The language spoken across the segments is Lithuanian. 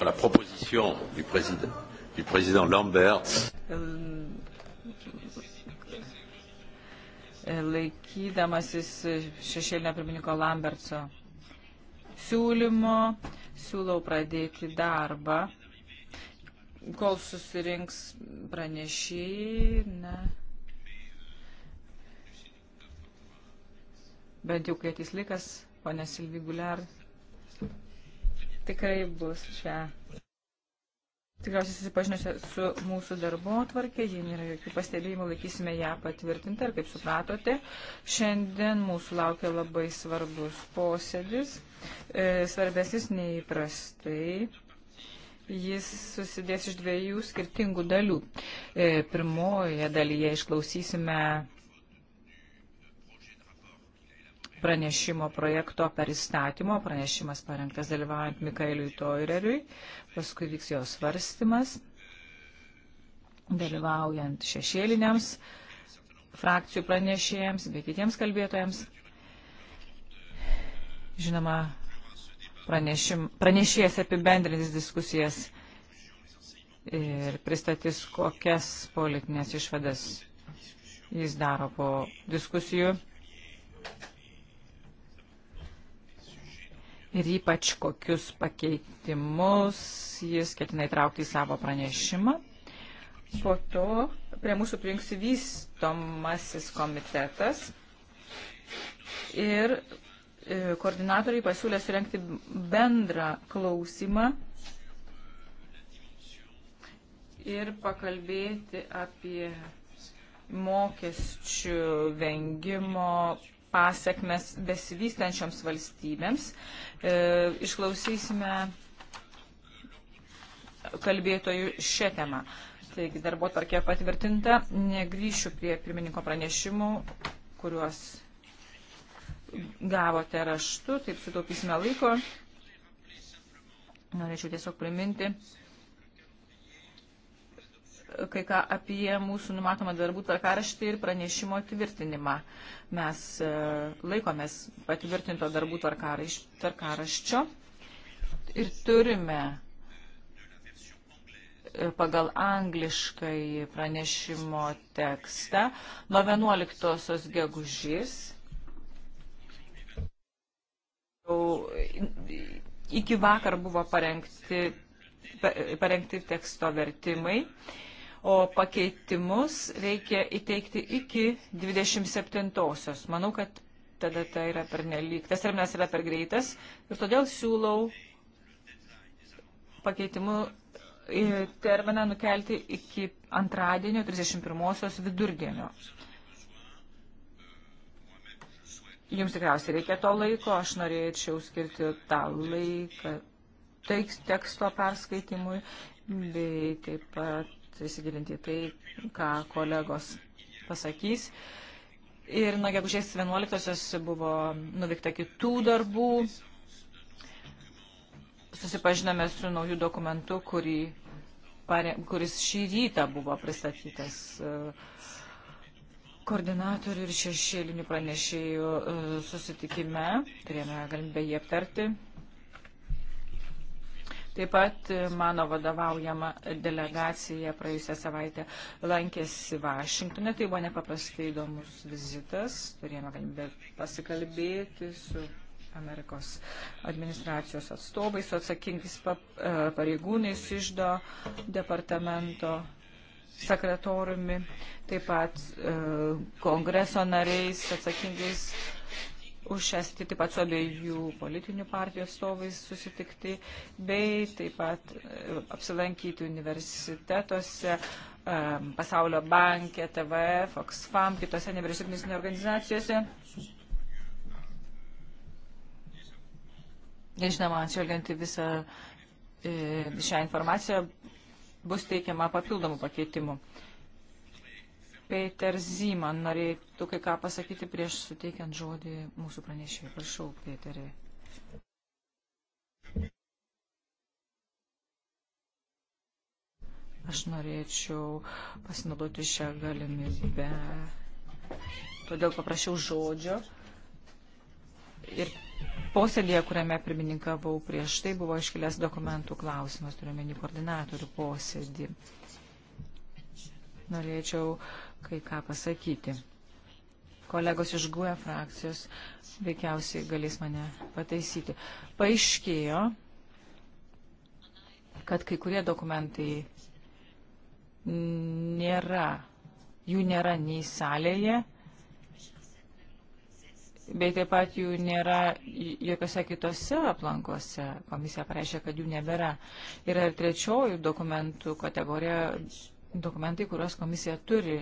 sur la proposition du président, du président Lamberts. Euh, laikydamasis euh, šešėlinio pirmininko Lambertso siūlymo, siūlau pradėti darbą, kol susirinks pranešėjai. Na, bent jau kai ateis laikas, ponė Silviguliar tikrai bus šią. Tikriausiai susipažinote su mūsų darbo atvarkė, jei nėra jokių pastebėjimų, laikysime ją patvirtintą ir kaip supratote, šiandien mūsų laukia labai svarbus posėdis, e, svarbesnis neįprastai. Jis susidės iš dviejų skirtingų dalių. E, pirmoje dalyje išklausysime pranešimo projekto per įstatymo. Pranešimas parengtas dalyvaujant Mikaeliui Toireriui. Paskui vyks jo svarstymas, dalyvaujant šešėliniams frakcijų pranešėjams bei kitiems kalbėtojams. Žinoma, pranešim, pranešėjas apibendrins diskusijas ir pristatys, kokias politinės išvadas jis daro po diskusijų. ir ypač kokius pakeitimus jis ketina įtraukti į savo pranešimą. Po to prie mūsų prijungs vystomasis komitetas ir e, koordinatoriai pasiūlė surenkti bendrą klausimą ir pakalbėti apie mokesčių vengimo pasiekmes besivystančioms valstybėms. E, išklausysime kalbėtojų šią temą. Taigi darbo tarkė patvirtinta. Negryšiu prie pirmininko pranešimų, kuriuos gavote raštu, taip sutaupysime laiko. Norėčiau tiesiog priminti, kai ką apie mūsų numatomą darbų tvarkaraštį ir pranešimo tvirtinimą. Mes e, laikomės patvirtinto darbų tvarkaraščio ir turime e, pagal angliškai pranešimo tekstą nuo 11 gegužės iki vakar buvo parengti, parengti teksto vertimai. Uh, o pakeitimus reikia įteikti iki 27-osios. Manau, kad tada tai yra per nelik, tas terminas yra per greitas ir todėl siūlau pakeitimų e, terminą nukelti iki antradienio 31-osios vidurdienio. Jums tikriausiai reikia to laiko, aš norėčiau skirti tą laiką teksto perskaitimui, bei taip pat įsigilinti į tai, ką kolegos pasakys. Ir nuo gegužės 11-osios buvo nuveikta kitų darbų. Susipažinome su naujų dokumentu, kurį, kuris šį rytą buvo pristatytas e, koordinatorių ir šešėlinių pranešėjų e, susitikime. Turėjome galimybę jį aptarti. Taip pat e, mano vadovaujama delegacija praėjusią savaitę lankėsi Vašingtone. Tai buvo nepaprastai įdomus vizitas. Turėjome galimybę pasikalbėti su Amerikos administracijos atstovais, su atsakingais e, pareigūnais išdo departamento sekretoriumi, taip pat e, kongreso nariais, atsakingais už šią sritį taip pat su abiejų politinių partijų atstovais susitikti, bei taip pat e, apsilankyti universitetuose, e, pasaulio bankė, TVF, Oxfam, kitose nevyriausybinėse organizacijose. Ir žinoma, atšvelgiant į visą e, šią informaciją, bus teikiama papildomų pakeitimų. Peter Ziman norėtų kai ką pasakyti prieš suteikiant žodį mūsų pranešėjai. Prašau, Peterį. Aš norėčiau pasinaudoti šią galimybę. Todėl paprašiau žodžio. Ir posėdėje, kuriame pirmininkavau prieš tai, buvo iškilęs dokumentų klausimas, turiuomenį koordinatorių posėdį. Norėčiau uh, kai ką pasakyti. Kolegos iš GUE frakcijos veikiausiai galės mane pataisyti. Paaiškėjo, kad kai kurie dokumentai nėra, jų nėra nei salėje, bei taip pat jų nėra jokiose kitose aplankose. Komisija pareiškia, kad jų nebėra. Yra ir trečioji dokumentų kategorija, dokumentai, kuriuos komisija turi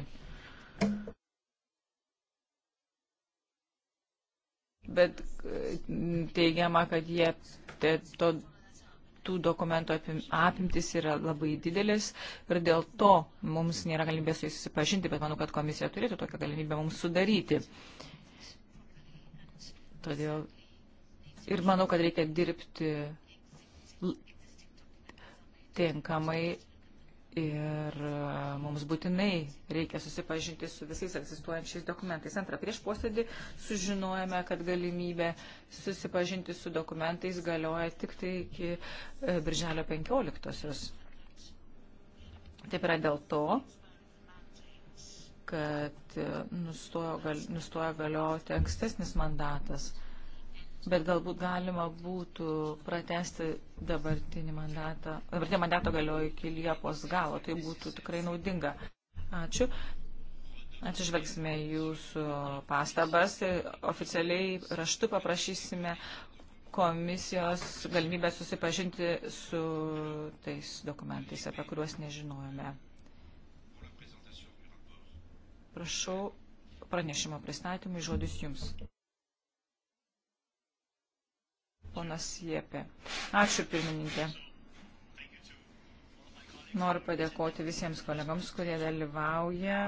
Bet e, teigiama, kad jie te, to, tų dokumentų apim, apimtis yra labai didelis ir dėl to mums nėra galimybės su jais susipažinti, bet manau, kad komisija turėtų tokią galimybę mums sudaryti. Todėl ir manau, kad reikia dirbti tinkamai Ir e, mums būtinai reikia susipažinti su visais egzistuojančiais dokumentais. Antra, prieš posėdį sužinojame, kad galimybė susipažinti su dokumentais galioja tik tai iki e, birželio 15-osios. Taip yra dėl to, kad e, nustojo, gal, nustojo galioti ankstesnis mandatas bet galbūt galima būtų pratesti dabartinį mandatą, dabartinį mandato galioju iki Liepos galo, tai būtų tikrai naudinga. Ačiū. Atsižvelgsime jūsų pastabas, tai oficialiai raštu paprašysime komisijos galimybę susipažinti su tais dokumentais, apie kuriuos nežinojome. Prašau pranešimo pristatymui žodis jums ponas Jėpė. Ačiū pirmininkė. Noriu padėkoti visiems kolegams, kurie dalyvauja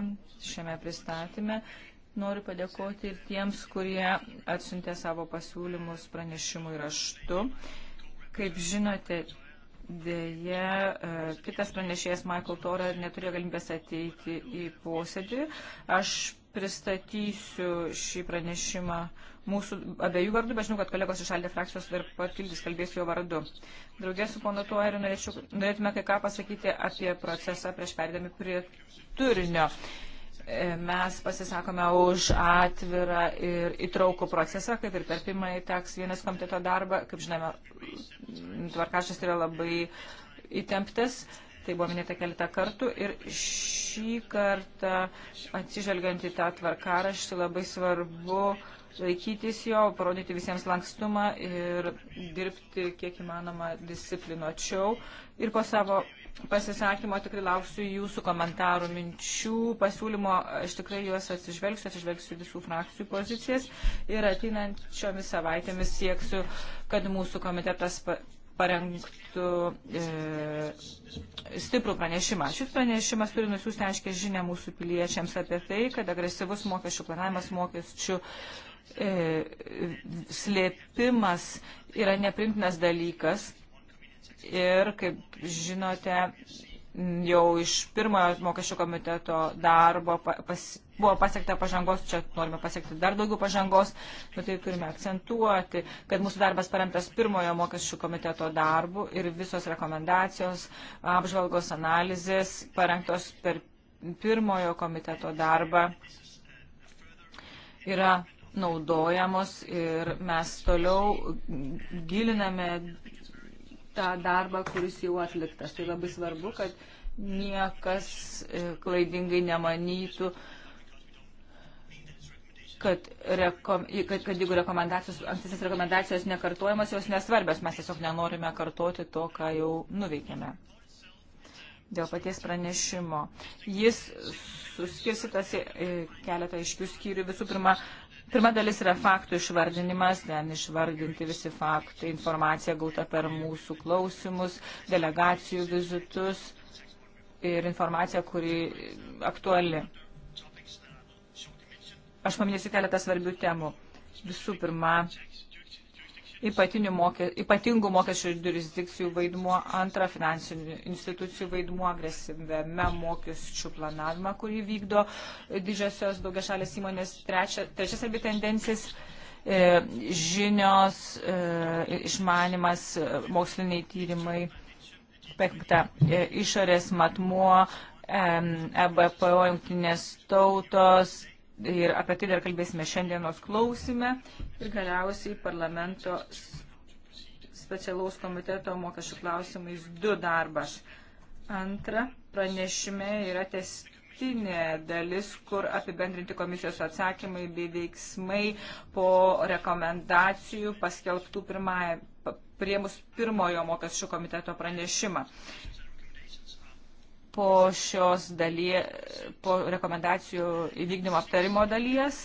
šiame pristatyme. Noriu padėkoti ir tiems, kurie atsiuntė savo pasiūlymus pranešimui raštu. Kaip žinote, dėje e, kitas pranešėjas Michael Tora neturėjo galimybės ateiti į posėdį. Aš pristatysiu šį pranešimą mūsų abiejų vardų, bet žinau, kad kolegos iš Aldė frakcijos dar papildys, kalbės jo vardu. Draugė su ponu Tuariu norėtume kai ką pasakyti apie procesą prieš perdami prie turinio. E, mes pasisakome už atvirą ir įtraukų procesą, kaip ir per pirmąjį teks vienas komiteto darbą. Kaip žinome, tvarkašas yra labai įtemptas. Uh, Tai buvo minėta keletą kartų ir šį kartą atsižvelgiant į tą tvarkaraštį labai svarbu laikytis jo, parodyti visiems lankstumą ir dirbti kiek įmanoma disciplinuočiau. Ir po savo pasisakymo tikrai lauksiu jūsų komentarų, minčių, pasiūlymo. Aš tikrai juos atsižvelgsiu, atsižvelgsiu visų frakcijų pozicijas ir ateinančiomis savaitėmis sieksiu, kad mūsų komitetas parengtų e, stiprų pranešimą. Šis pranešimas turi nusiųsti aiškiai žinę mūsų piliečiams apie tai, kad agresyvus mokesčių planavimas, mokesčių e, slėpimas yra neprimtinas dalykas. Ir, kaip žinote, jau iš pirmojo mokesčio komiteto darbo pas, buvo pasiekta pažangos, čia norime pasiekti dar daugiau pažangos, bet tai turime akcentuoti, kad mūsų darbas paremtas pirmojo mokesčių komiteto darbu ir visos rekomendacijos, apžvalgos analizės parengtos per pirmojo komiteto darbą yra naudojamos ir mes toliau giliname tą darbą, kuris jau atliktas. Tai labai svarbu, kad niekas e, klaidingai nemanytų, kad, rekom, kad, kad jeigu rekomendacijos, ankstesnės rekomendacijos nekartojamos, jos nesvarbios, mes tiesiog nenorime kartoti to, ką jau nuveikėme. Dėl paties pranešimo. Jis suskirsitas į keletą iškių skyrių. Visų pirma, Pirma dalis yra faktų išvardinimas, ten išvardinti visi faktai, informacija gauta per mūsų klausimus, delegacijų vizitus ir informacija, kuri aktuali. Aš paminėsiu keletą svarbių temų. Visų pirma, mokė, ypatingų mokesčių jurisdikcijų vaidmuo, antra finansinių institucijų vaidmuo agresyviame mokesčių planavime, kurį vykdo didžiosios daugia šalės įmonės, trečia, trečias arbi tendencijas e, žinios, e, išmanimas, e, moksliniai tyrimai, penkta e, išorės matmuo, EBPO, e jungtinės tautos, ir apie tai dar kalbėsime šiandienos klausime ir galiausiai parlamento specialaus komiteto mokesčių klausimais 2 darbas. Antra, pranešime yra testinė dalis, kur apibendrinti komisijos atsakymai bei veiksmai po rekomendacijų paskelbtų pirmąją priemus pirmojo mokesčių komiteto pranešimą po šios dalyje, po rekomendacijų įvykdymo aptarimo dalies.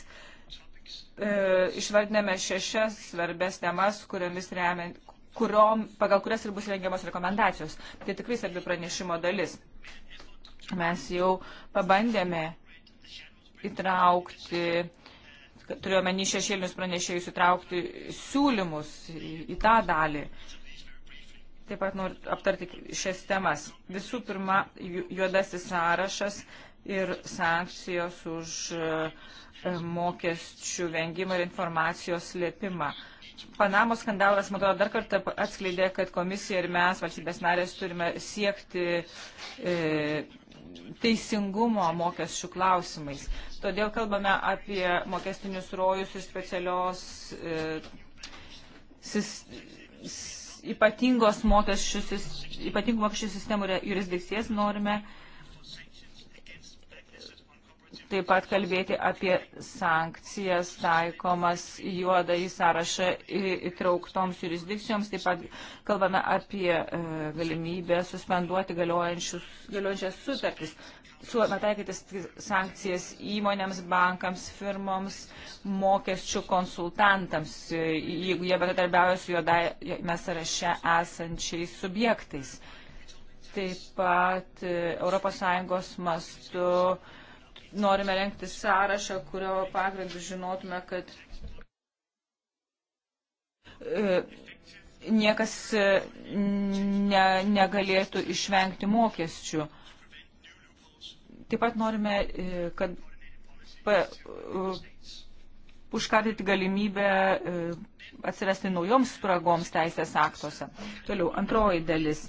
E, išvardiname šešias svarbes temas, kuriomis remiant, kuriom, pagal kurias ir bus rengiamas rekomendacijos. Tai tikrai svarbi pranešimo dalis. Mes jau pabandėme įtraukti, turiuomenį šešėlinius pranešėjus įtraukti siūlymus į, į tą dalį. E, Taip pat noriu aptarti šias temas. Visų pirma, juodasis sąrašas ir sankcijos už e, mokesčių vengimą ir informacijos slėpimą. Panamos skandalas, man atrodo, dar kartą atskleidė, kad komisija ir mes, valstybės narės, turime siekti e, teisingumo mokesčių klausimais. Todėl kalbame apie mokestinius rojus ir specialios e, sis, s, ypatingos mokesčių, ypatingų mokesčių sistemų jurisdikcijas, norime taip pat kalbėti apie sankcijas taikomas juodą į sąrašą įtrauktoms jurisdikcijoms, taip pat kalbame apie e, galimybę suspenduoti galiojančias sutartis siūlome taikyti sankcijas įmonėms, bankams, firmoms, mokesčių konsultantams, jeigu jie bendradarbiauja su juodame sąraše esančiais subjektais. Taip pat ES mastu norime renkti sąrašą, kurio pagrindu žinotume, kad e, niekas e, ne, negalėtų išvengti mokesčių. Taip pat norime, e, kad pa, užkardyti galimybę e, atsirasti naujoms spragoms teisės aktuose. Toliau, antroji dalis.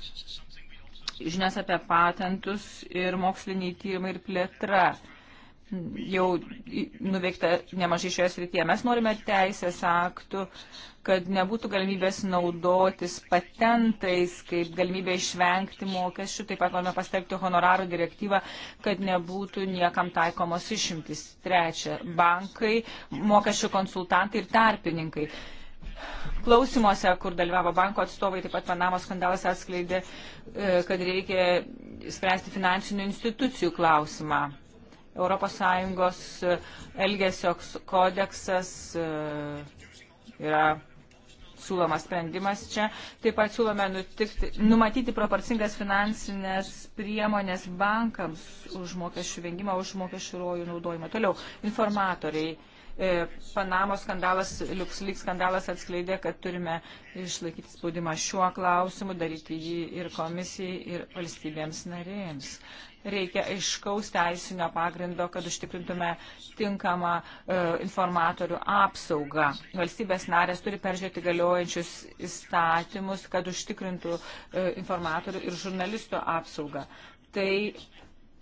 Žinias apie patentus ir moksliniai tyrimai ir plėtra jau nuveikta nemažai šioje srityje. Mes norime teisės aktų, kad nebūtų galimybės naudotis patentais, kaip galimybė išvengti mokesčių. Taip pat norime pastelbti honorarų direktyvą, kad nebūtų niekam taikomos išimtis. Trečia, bankai, mokesčių konsultantai ir tarpininkai klausimuose, kur dalyvavo banko atstovai, taip pat Panamos skandalas atskleidė, e, kad reikia spręsti finansinių institucijų klausimą. ES e, elgesio kodeksas e, yra siūlomas sprendimas čia. Taip pat siūlome nutikti, numatyti proporcingas finansinės priemonės bankams už mokesčių vengimą, už mokesčių rojų naudojimą. Toliau, informatoriai E, Panamos skandalas, LuxLeaks skandalas atskleidė, kad turime išlaikyti spaudimą šiuo klausimu, daryti jį ir komisijai, ir valstybėms narėms. Reikia aiškaus teisinio pagrindo, kad užtikrintume tinkamą e, informatorių apsaugą. Valstybės narės turi peržiūrėti galiojančius įstatymus, kad užtikrintų e, informatorių ir žurnalisto apsaugą. Tai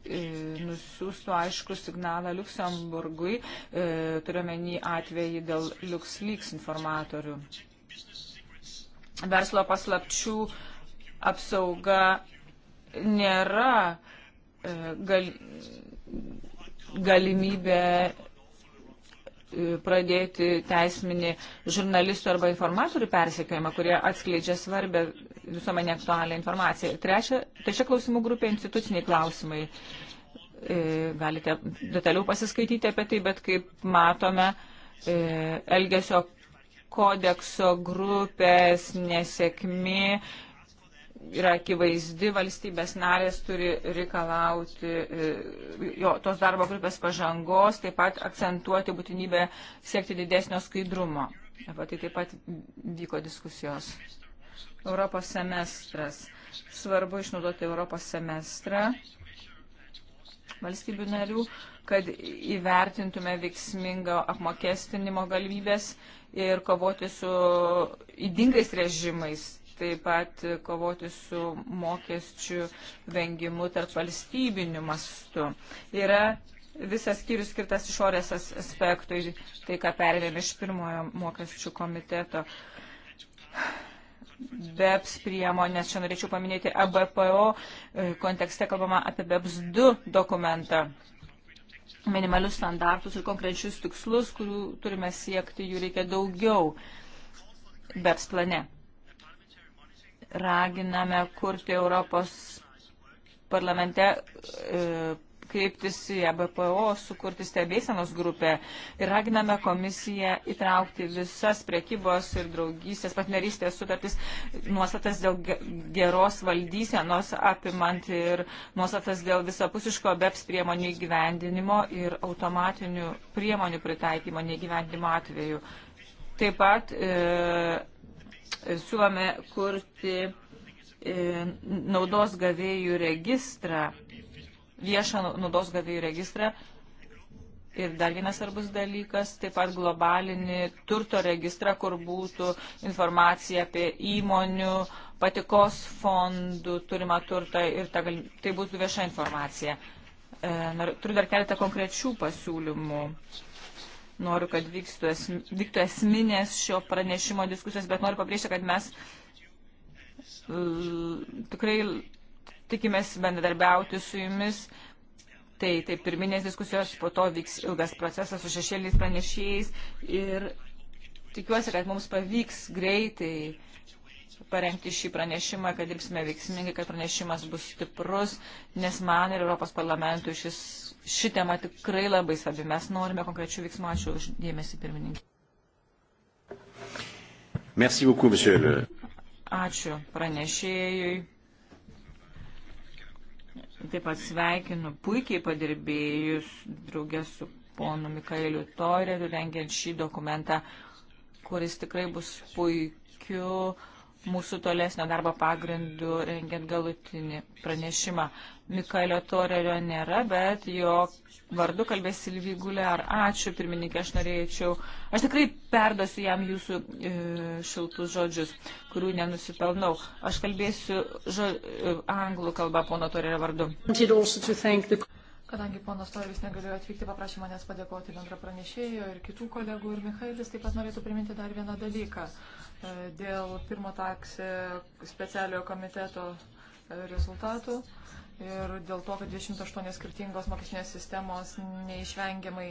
E, nusiųstų aišku signalą Luxemburgui, e, turiuomenį atvejį dėl LuxLeaks informatorių. Verslo paslapčių apsauga nėra e, gal, galimybė pradėti teisminį žurnalistų arba informatorių persekiojimą, kurie atskleidžia svarbę visuomenė aktualią informaciją. Trečia, trečia klausimų grupė - instituciniai klausimai. E, galite detaliau pasiskaityti apie tai, bet kaip matome, e, Elgesio kodekso grupės nesėkmi yra akivaizdi, valstybės narės turi reikalauti e, jo, tos darbo grupės pažangos, taip pat akcentuoti būtinybę siekti didesnio skaidrumo. Apie tai taip pat vyko diskusijos. Europos semestras. Svarbu išnaudoti Europos semestrą valstybių narių, kad įvertintume veiksmingo apmokestinimo galimybės ir kovoti su įdingais režimais, taip pat kovoti su mokesčių vengimu tarp valstybinių mastų. Yra visas skyrius skirtas išorės aspektui, tai ką perėmėm iš pirmojo mokesčių komiteto. Uh, BEPS priemonės. Čia norėčiau paminėti ABPO e, kontekste kalbama apie BEPS 2 dokumentą minimalius standartus ir konkrečius tikslus, kurių turime siekti, jų reikia daugiau BEPS plane. Raginame kurti Europos parlamente e, kreiptis į ABPO, e sukurti stebėsenos grupę ir raginame komisiją įtraukti visas priekybos ir draugystės, partnerystės sutartis, nuostatas dėl geros valdysenos apimant ir nuostatas dėl visapusiško BEPS priemonių įgyvendinimo ir automatinių priemonių pritaikymo neįgyvendinimo atveju. Taip pat e, siūlome kurti e, naudos gavėjų registrą viešą nu- naudos gavėjų registrą. Ir dar vienas svarbus dalykas, taip pat globalinį turto registrą, kur būtų informacija apie įmonių, patikos fondų turimą turtą ir ta, tai būtų vieša informacija. E, turiu dar keletą konkrečių pasiūlymų noriu, kad vyktų, esm, vyktų esminės šio pranešimo diskusijos, bet noriu pabrėžti, kad mes l, tikrai tikimės bendradarbiauti su jumis. Tai taip, pirminės diskusijos, po to vyks ilgas procesas su šešėliais pranešėjais ir tikiuosi, kad mums pavyks greitai parengti šį pranešimą, kad dirbsime veiksmingai, kad pranešimas bus stiprus, nes man ir Europos parlamentui šis, ši tema tikrai labai svarbi. Mes norime konkrečių veiksmų. Ačiū už dėmesį, pirmininkė. Ačiū pranešėjui. Taip pat sveikinu puikiai padirbėjus draugės su ponu Mikaeliu Toreriu rengiant šį dokumentą, kuris tikrai bus puikiu mūsų tolesnio darbo pagrindų rengiant galutinį pranešimą. Mikaelio Torelio nėra, bet jo vardu kalbės Silvi Guliar. Ačiū, pirmininkė, aš norėčiau. Aš tikrai perdosiu jam jūsų e, šiltus žodžius, kurių nenusipelnau. Aš kalbėsiu žo, e, anglų kalbą pono Torelio vardu. The... Kadangi ponas Torvis negalėjo atvykti, paprašė manęs padėkoti bendra pranešėjo ir kitų kolegų. Ir Michaelis taip pat norėtų priminti dar vieną dalyką e, dėl pirmo taksė specialiojo komiteto e, rezultatų ir dėl to, kad 28 skirtingos mokestinės sistemos neišvengiamai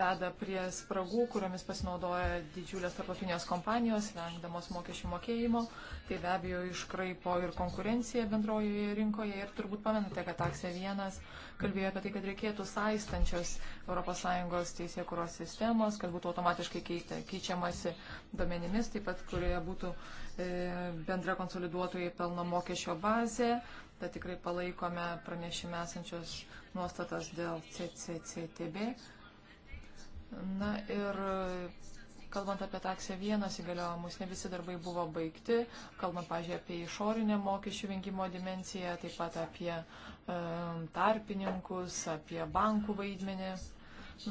veda prie spragų, kuriomis pasinaudoja didžiulės tarptautinės kompanijos, vengdamos mokesčių mokėjimo. Tai be abejo iškraipo ir konkurencija bendrojoje rinkoje ir turbūt pamenate, kad taksė vienas kalbėjo apie tai, kad reikėtų saistančios ES teisėkuros sistemos, kad būtų automatiškai keitė, keičiamasi duomenimis, taip pat kurioje būtų e, bendra konsoliduotojai pelno mokesčio bazė, bet tikrai palaikome pranešime esančios nuostatas dėl CCCTB. Na ir kalbant apie taksę vienas įgaliojimus, ne visi darbai buvo baigti, kalbant, pažiūrėjau, apie išorinę mokesčių vengimo dimenciją, taip pat apie e, tarpininkus, apie bankų vaidmenį.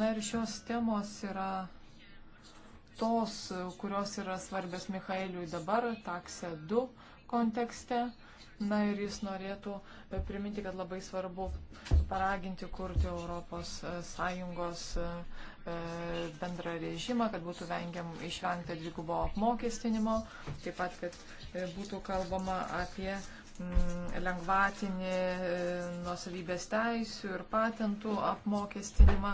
Na ir šios temos yra tos, kurios yra svarbios Michaeliui dabar, taksė 2 kontekste. Na ir jis norėtų e, priminti, kad labai svarbu paraginti kurti ES e, e, bendrą režimą, kad būtų vengiam, išvengta dvigubo apmokestinimo, taip pat, kad būtų kalbama apie mm, lengvatinį nuosavybės teisų ir patentų apmokestinimą.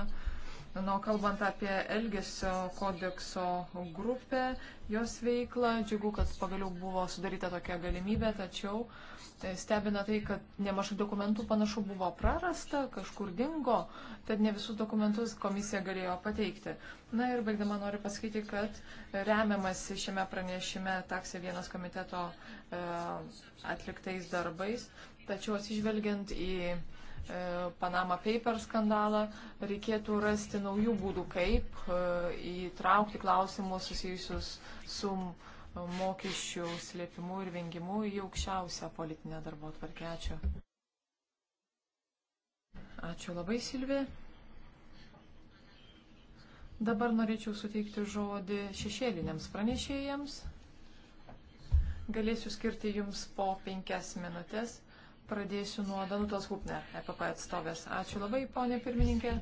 Na, kalbant apie Elgesio kodekso grupę, jos veiklą, džiugu, kad pagaliau buvo sudaryta tokia galimybė, tačiau uh, Stebina tai, kad nemažai dokumentų panašu buvo prarasta, kažkur dingo, tad ne visus dokumentus komisija galėjo pateikti. Na ir baigdama noriu pasakyti, kad remiamas šiame pranešime taksė vienas komiteto e, atliktais darbais, tačiau atsižvelgiant į e, Panama Paper skandalą, reikėtų rasti naujų būdų, kaip e, įtraukti klausimus susijusius su. E, mokesčių slėpimu ir vengimu į aukščiausią politinę darbo tvarkę. Ačiū. Ačiū labai, Silvi. Dabar norėčiau suteikti žodį šešėliniams pranešėjams. Galėsiu skirti jums po penkias minutės. Pradėsiu nuo Danutos Hupner, EPP atstovės. Ačiū labai, ponė pirmininkė.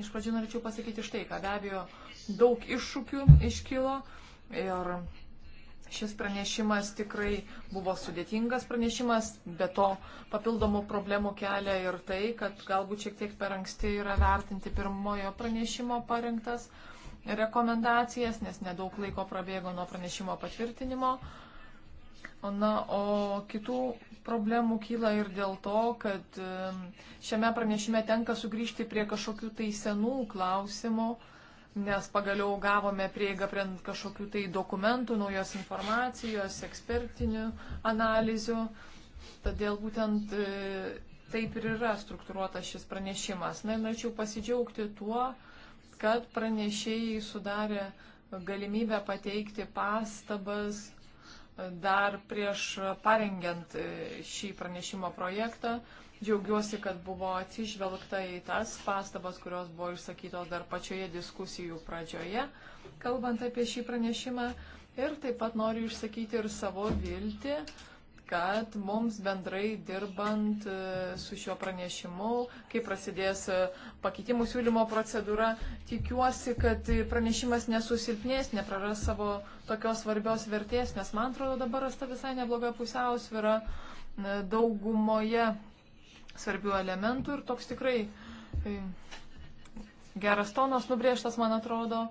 Iš pradžių norėčiau pasakyti štai, kad be abejo daug iššūkių iškilo ir šis pranešimas tikrai buvo sudėtingas pranešimas, be to papildomų problemų kelia ir tai, kad galbūt šiek tiek per anksti yra vertinti pirmojo pranešimo parengtas rekomendacijas, nes nedaug laiko prabėgo nuo pranešimo patvirtinimo. Uh, Na, o kitų problemų kyla ir dėl to, kad šiame pranešime tenka sugrįžti prie kažkokių tai senų klausimų, nes pagaliau gavome prieigą prie kažkokių tai dokumentų, naujos informacijos, ekspertinių analizių. Todėl būtent e, taip ir yra struktūruotas šis pranešimas. Na ir norėčiau pasidžiaugti tuo, kad pranešėjai sudarė galimybę pateikti pastabas dar prieš parengiant e, šį pranešimo projektą. Džiaugiuosi, kad buvo atsižvelgta į tas pastabas, kurios buvo išsakytos dar pačioje diskusijų pradžioje, kalbant apie šį pranešimą. Ir taip pat noriu išsakyti ir savo viltį, kad mums bendrai dirbant e, su šiuo pranešimu, kai prasidės e, pakeitimų siūlymo procedūra, tikiuosi, kad pranešimas nesusilpnės, nepraras savo tokios svarbios vertės, nes man atrodo dabar rasta visai nebloga pusiausvyrą e, daugumoje svarbių elementų ir toks tikrai geras tonas nubrėžtas, man atrodo,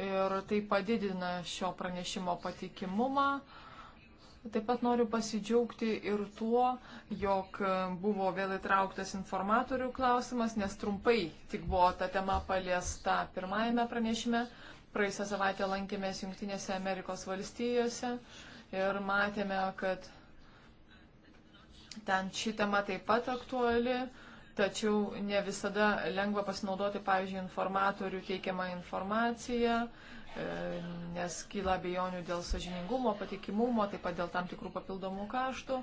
ir tai padidina šio pranešimo patikimumą. Taip pat noriu pasidžiaugti ir tuo, jog buvo vėl įtrauktas informatorių klausimas, nes trumpai tik buvo ta tema paliesta pirmajame pranešime. Praėjusią savaitę lankėmės Junktinėse Amerikos valstijose ir matėme, kad ten ši tema taip pat aktuali, tačiau ne visada lengva pasinaudoti, pavyzdžiui, informatorių teikiamą informaciją E, nes kyla abejonių dėl sažiningumo, patikimumo, taip pat dėl tam tikrų papildomų kaštų.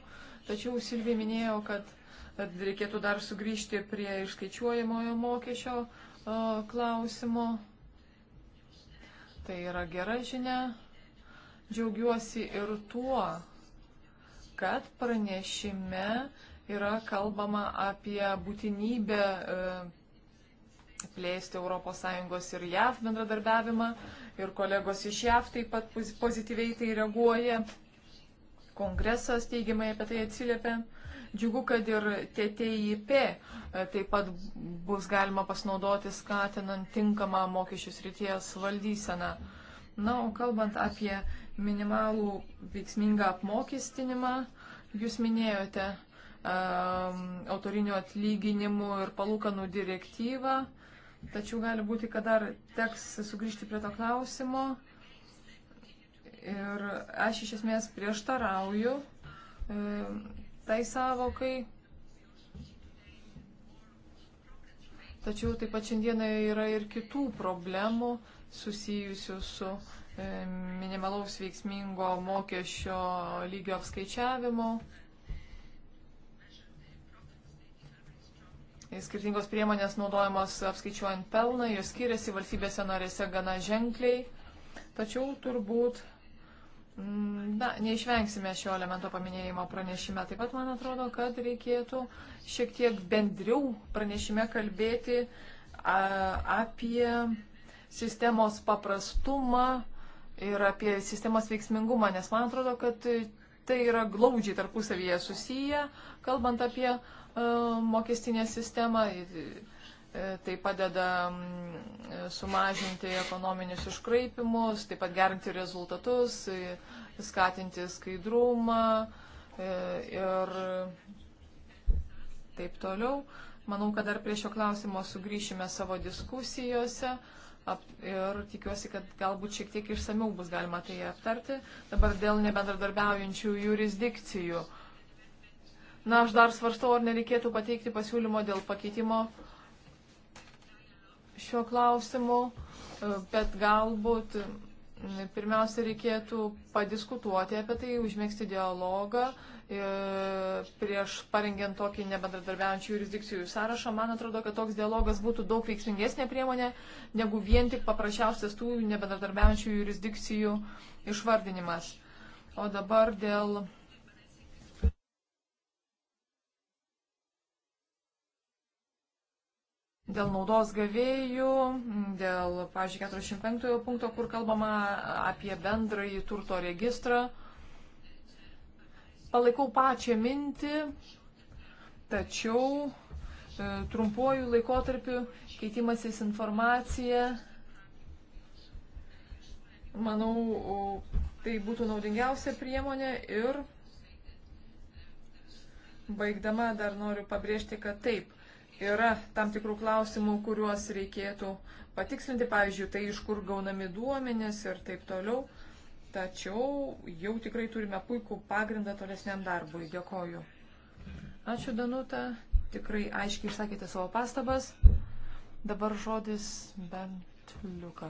Tačiau Silvija minėjo, kad reikėtų dar sugrįžti prie išskaičiuojamojo mokesčio e, klausimo. Tai yra gera žinia. Džiaugiuosi ir tuo, kad pranešime yra kalbama apie būtinybę e, plėsti ES ir JAV bendradarbiavimą. Ir kolegos iš JAV taip pat pozityviai tai reaguoja. Kongresas teigiamai apie tai atsiliepia. Džiugu, kad ir TTIP e, taip pat bus galima pasinaudoti skatinant tinkamą mokesčių srities valdyseną. Na, o kalbant apie minimalų veiksmingą apmokestinimą, jūs minėjote um, autorinių atlyginimų ir palūkanų direktyvą. Uh, tačiau gali būti, kad dar teks sugrįžti prie to klausimo. Ir aš iš esmės prieštarauju e, tai savokai. Tačiau taip pat šiandieną yra ir kitų problemų susijusių su e, minimalaus veiksmingo mokesčio lygio apskaičiavimu. Skirtingos priemonės naudojamos apskaičiuojant pelną ir skiriasi valstybėse narėse gana ženkliai. Tačiau turbūt mm, na, neišvengsime šio elemento paminėjimo pranešime. Taip pat man atrodo, kad reikėtų šiek tiek bendriau pranešime kalbėti a, apie sistemos paprastumą ir apie sistemos veiksmingumą, nes man atrodo, kad tai yra glaudžiai tarpusavyje susiję, kalbant apie E, mokestinę sistemą. E, tai padeda sumažinti ekonominius iškraipimus, taip pat gerinti rezultatus, e, skatinti skaidrumą ir taip toliau. Manau, kad dar prie šio klausimo sugrįšime savo diskusijose ir tikiuosi, kad galbūt šiek tiek išsamiau bus galima tai aptarti. Dabar dėl nebendradarbiaujančių jurisdikcijų. Na, aš dar svarstau, ar nereikėtų pateikti pasiūlymo dėl pakeitimo šio klausimu, bet galbūt pirmiausia reikėtų padiskutuoti apie tai, užmėgsti dialogą e, prieš parengiant tokį nebendradarbiaujančių jurisdikcijų sąrašą. Man atrodo, kad toks dialogas būtų daug veiksmingesnė priemonė negu vien tik paprasčiausias tų nebendradarbiaujančių jurisdikcijų išvardinimas. O dabar dėl dėl naudos gavėjų, dėl, pažiūrėjau, 45 punkto, kur kalbama apie bendrąjį turto registrą. Palaikau pačią mintį, tačiau e, trumpuoju laikotarpiu keitimasis informacija, manau, tai būtų naudingiausia priemonė ir baigdama dar noriu pabrėžti, kad taip, yra tam tikrų klausimų, kuriuos reikėtų patikslinti, pavyzdžiui, tai iš kur gaunami duomenys ir taip toliau. Tačiau jau tikrai turime puikų pagrindą tolesniam darbui. Dėkoju. Ačiū, Danuta. Tikrai aiškiai išsakėte savo pastabas. Dabar žodis bent liuka.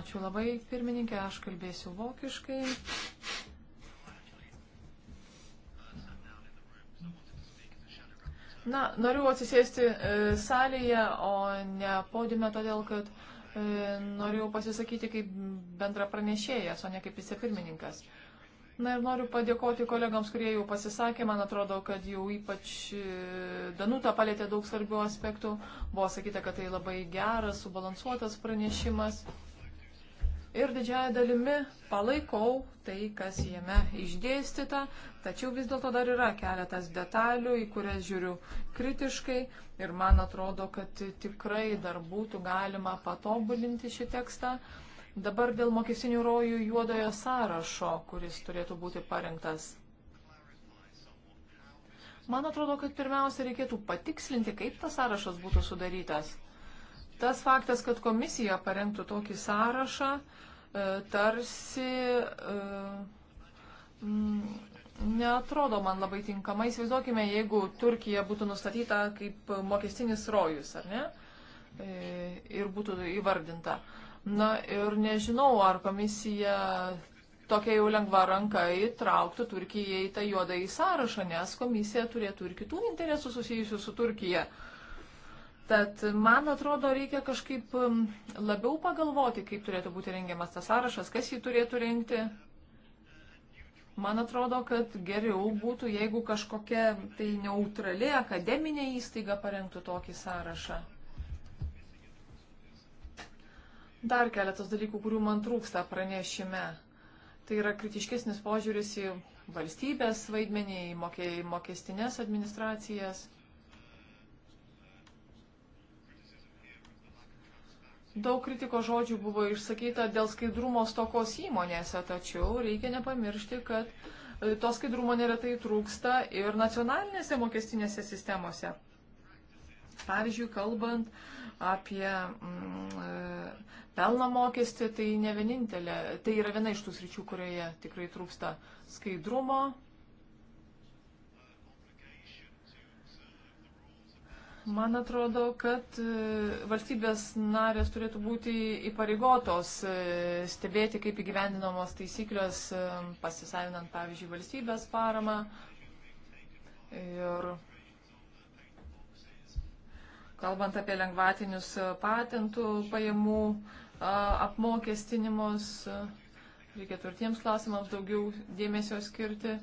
Ačiū labai, pirmininkė. Aš kalbėsiu vokiškai. Na, noriu atsisėsti e, salėje, o ne podiume, todėl kad e, norėjau pasisakyti kaip bendra pranešėjas, o ne kaip vicepirmininkas. Na ir noriu padėkoti kolegams, kurie jau pasisakė. Man atrodo, kad jau ypač e, Danuta palėtė daug svarbių aspektų. Buvo sakyta, kad tai labai geras, subalansuotas pranešimas ir didžiaja dalimi palaikau tai, kas jame išdėstyta, tačiau vis dėlto dar yra keletas detalių, į kurias žiūriu kritiškai ir man atrodo, kad tikrai dar būtų galima patobulinti šį tekstą. Dabar dėl mokesinių rojų juodojo sąrašo, kuris turėtų būti parengtas. Man atrodo, kad pirmiausia reikėtų patikslinti, kaip tas sąrašas būtų sudarytas. Tas faktas, kad komisija parengtų tokį sąrašą, E, tarsi e, neatrodo man labai tinkama. Įsivaizduokime, jeigu Turkija būtų nustatyta kaip mokestinis rojus, ar ne? E, ir būtų įvardinta. Na ir nežinau, ar komisija tokia jau lengva ranka įtrauktų Turkiją į tą juodą į sąrašą, nes komisija turėtų ir kitų interesų susijusių su Turkija. Uh, Tad man atrodo, reikia kažkaip um, labiau pagalvoti, kaip turėtų būti rengiamas tas sąrašas, kas jį turėtų rinkti. Man atrodo, kad geriau būtų, jeigu kažkokia tai neutrali akademinė įstaiga parengtų tokį sąrašą. Dar keletas dalykų, kurių man trūksta pranešime. Tai yra kritiškesnis požiūris į valstybės vaidmenį, į mokestinės administracijas. Daug kritiko žodžių buvo išsakyta dėl skaidrumo stokos įmonėse, tačiau reikia nepamiršti, kad e, to skaidrumo neretai trūksta ir nacionalinėse mokestinėse sistemose. Pavyzdžiui, kalbant apie mm, e, pelno mokestį, tai ne vienintelė, tai yra viena iš tų sričių, kurioje tikrai trūksta skaidrumo. Man atrodo, kad e, valstybės narės turėtų būti įpareigotos e, stebėti, kaip įgyvendinamos taisyklės, e, pasisavinant, pavyzdžiui, valstybės paramą. Ir kalbant apie lengvatinius patentų pajamų apmokestinimus, reikėtų ir tiems klausimams daugiau dėmesio skirti.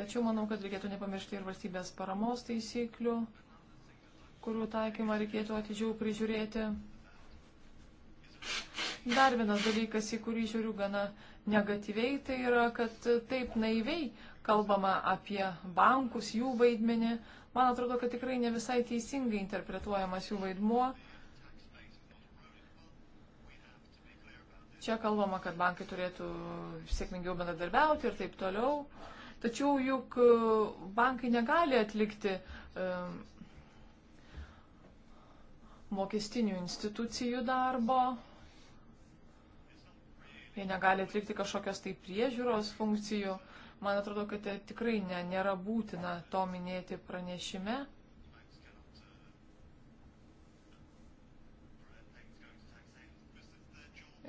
Tačiau manau, kad reikėtų nepamiršti ir valstybės paramos taisyklių kurių taikymą reikėtų atidžiau prižiūrėti. Dar vienas dalykas, į kurį žiūriu gana negatyviai, tai yra, kad taip naiviai kalbama apie bankus, jų vaidmenį. Man atrodo, kad tikrai ne visai teisingai interpretuojamas jų vaidmuo. Čia kalbama, kad bankai turėtų sėkmingiau bendradarbiauti ir taip toliau. Tačiau juk bankai negali atlikti um, mokestinių institucijų darbo. Jie negali atlikti kažkokios tai priežiūros funkcijų. Man atrodo, kad tai tikrai ne, nėra būtina to minėti pranešime.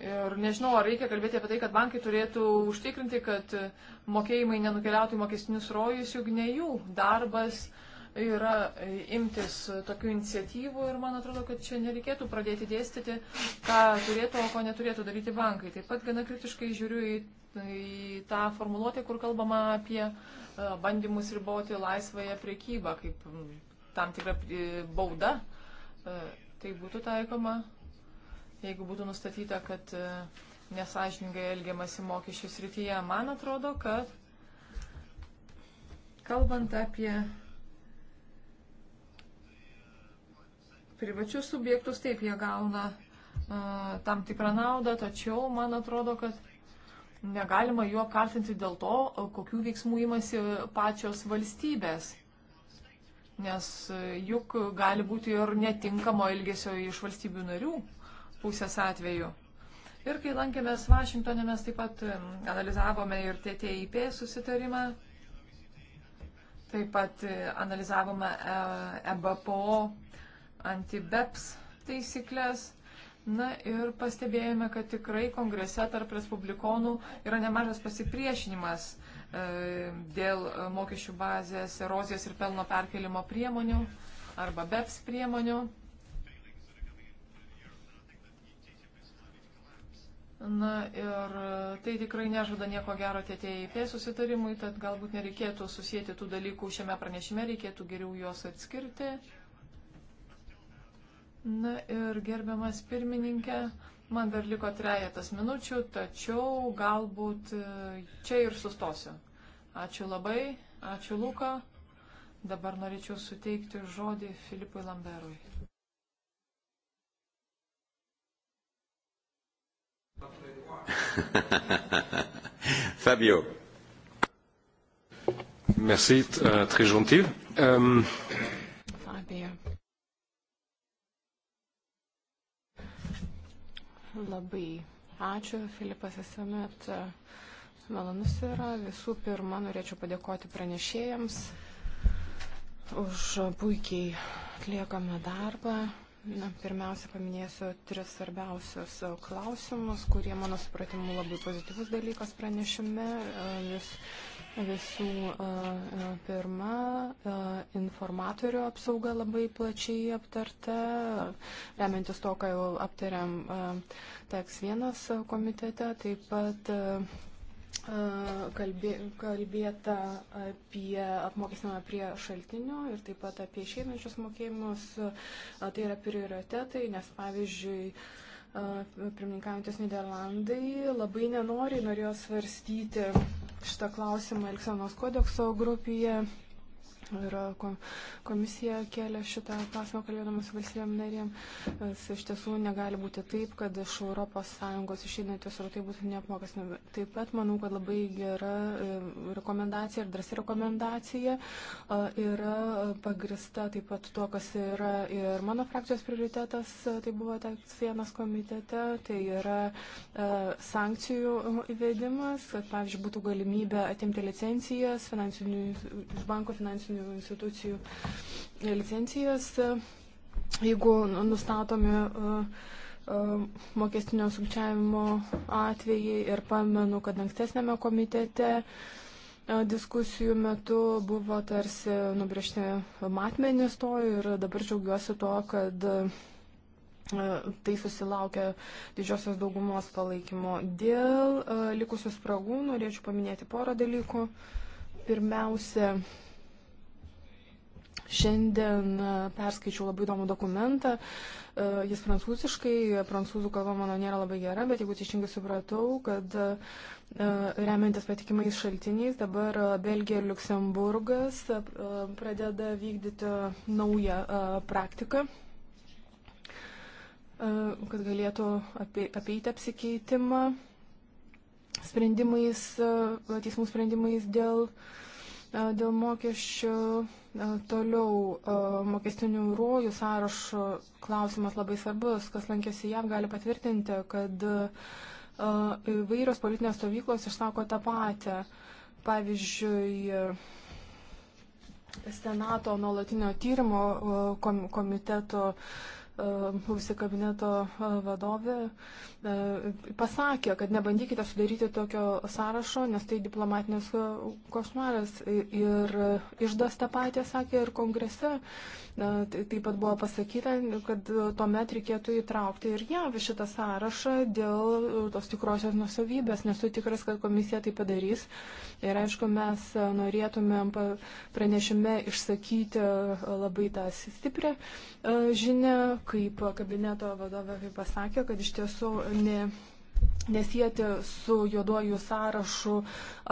Ir nežinau, ar reikia kalbėti apie tai, kad bankai turėtų užtikrinti, kad mokėjimai nenukeliautų į mokestinius rojus, juk ne jų darbas uh, yra e, imtis tokių iniciatyvų ir man atrodo, kad čia nereikėtų pradėti dėstyti, ką turėtų, o ko neturėtų daryti bankai. Taip pat gana kritiškai žiūriu į, į tą formuluotę, kur kalbama apie e, bandymus riboti laisvąją priekybą kaip tam tikra e, bauda. Tai būtų taikoma, jeigu būtų nustatyta, kad nesažiningai elgiamasi mokesčių srityje. Man atrodo, kad kalbant apie privačius subjektus, taip jie gauna a, tam tikrą naudą, tačiau man atrodo, kad negalima jų apkaltinti dėl to, kokių veiksmų imasi pačios valstybės. Nes juk gali būti ir netinkamo elgesio iš valstybių narių pusės atveju. Ir kai lankėmės Vašingtonė, mes taip pat analizavome ir TTIP susitarimą, taip pat analizavome EBPO antibeps taisyklės. Na ir pastebėjome, kad tikrai kongrese tarp respublikonų yra nemažas pasipriešinimas e, dėl e, mokesčių bazės, erozijos ir pelno perkelimo priemonių arba BEPS priemonių. Na ir e, tai tikrai nežada nieko gero TTIP susitarimui, tad galbūt nereikėtų susijęti tų dalykų šiame pranešime, reikėtų geriau juos atskirti. Na ir gerbiamas pirmininkė, man dar liko trejetas minučių, tačiau galbūt e, čia ir sustosiu. Ačiū labai, ačiū Luka. Dabar norėčiau suteikti žodį Filipui Lamberui. Fabio. Merci, euh, très gentil. Um... Fabio. Labai ačiū, Filipas, esamet e, malonus yra. Visų pirma, norėčiau padėkoti pranešėjams už puikiai atliekamą darbą. Na, pirmiausia, paminėsiu tris svarbiausius e, klausimus, kurie, mano supratimu, labai pozityvus dalykas pranešime. E, Jūs Visų pirma, informatorių apsauga labai plačiai aptarta, remiantis to, ką jau aptariam teks vienas komitete, taip pat kalbė, kalbėta apie apmokestinimą prie šaltinių ir taip pat apie išeinančius mokėjimus. Tai yra prioritetai, nes pavyzdžiui, pirmininkaujantis Niderlandai labai nenoriai norėjo svarstyti šitą klausimą Elksenos kodekso grupėje. Ir komisija kėlė šitą klausimą, kalbėdama su valstybėm narėm. Iš tiesų negali būti taip, kad iš ES išeinantis srautai būtų neapmokestinami. Taip pat manau, kad labai gera e, rekomendacija ir drąsi rekomendacija e, yra pagrista taip pat tuo, kas yra ir mano frakcijos prioritetas, e, tai buvo teks vienas komitete, tai yra sankcijų įvedimas, kad pavyzdžiui būtų galimybė atimti licencijas finansinių, iš banko finansinių finansinių institucijų licencijas, jeigu nustatomi e, e, mokestinio sukčiavimo atvejai ir pamenu, kad ankstesnėme komitete e, diskusijų metu buvo tarsi nubriežti matmenys to ir dabar džiaugiuosi to, kad tai susilaukia didžiosios daugumos palaikymo. Dėl likusių spragų norėčiau paminėti porą dalykų. Pirmiausia, Šiandien e, perskaičiau labai įdomų dokumentą, e, jis prancūziškai, prancūzų kalba mano nėra labai gera, bet jeigu teisingai supratau, kad e, remiantis patikimais šaltiniais, dabar Belgija ir Luksemburgas pradeda vykdyti naują praktiką kad galėtų apie, apeiti apsikeitimą sprendimais, teismų sprendimais dėl, dėl mokesčių E, toliau e, mokestinių rojų sąrašo klausimas labai svarbus. Kas lankėsi JAV gali patvirtinti, kad e, įvairios politinės stovyklos išsako tą patį. Pavyzdžiui, Senato nuolatinio tyrimo komiteto buvusi kabineto vadovė, pasakė, kad nebandykite sudaryti tokio sąrašo, nes tai diplomatinis košmaras. Ir išdas tą patį sakė ir kongrese. Tai taip pat buvo pasakyta, kad tuomet reikėtų įtraukti ir jav šitą sąrašą dėl tos tikrosios nusavybės. Nesu tikras, kad komisija tai padarys. Ir aišku, mes norėtumėm pranešime išsakyti labai tą stiprią žinę kaip kabineto vadovė kaip pasakė, kad iš tiesų ne, nesijėti su juoduoju sąrašu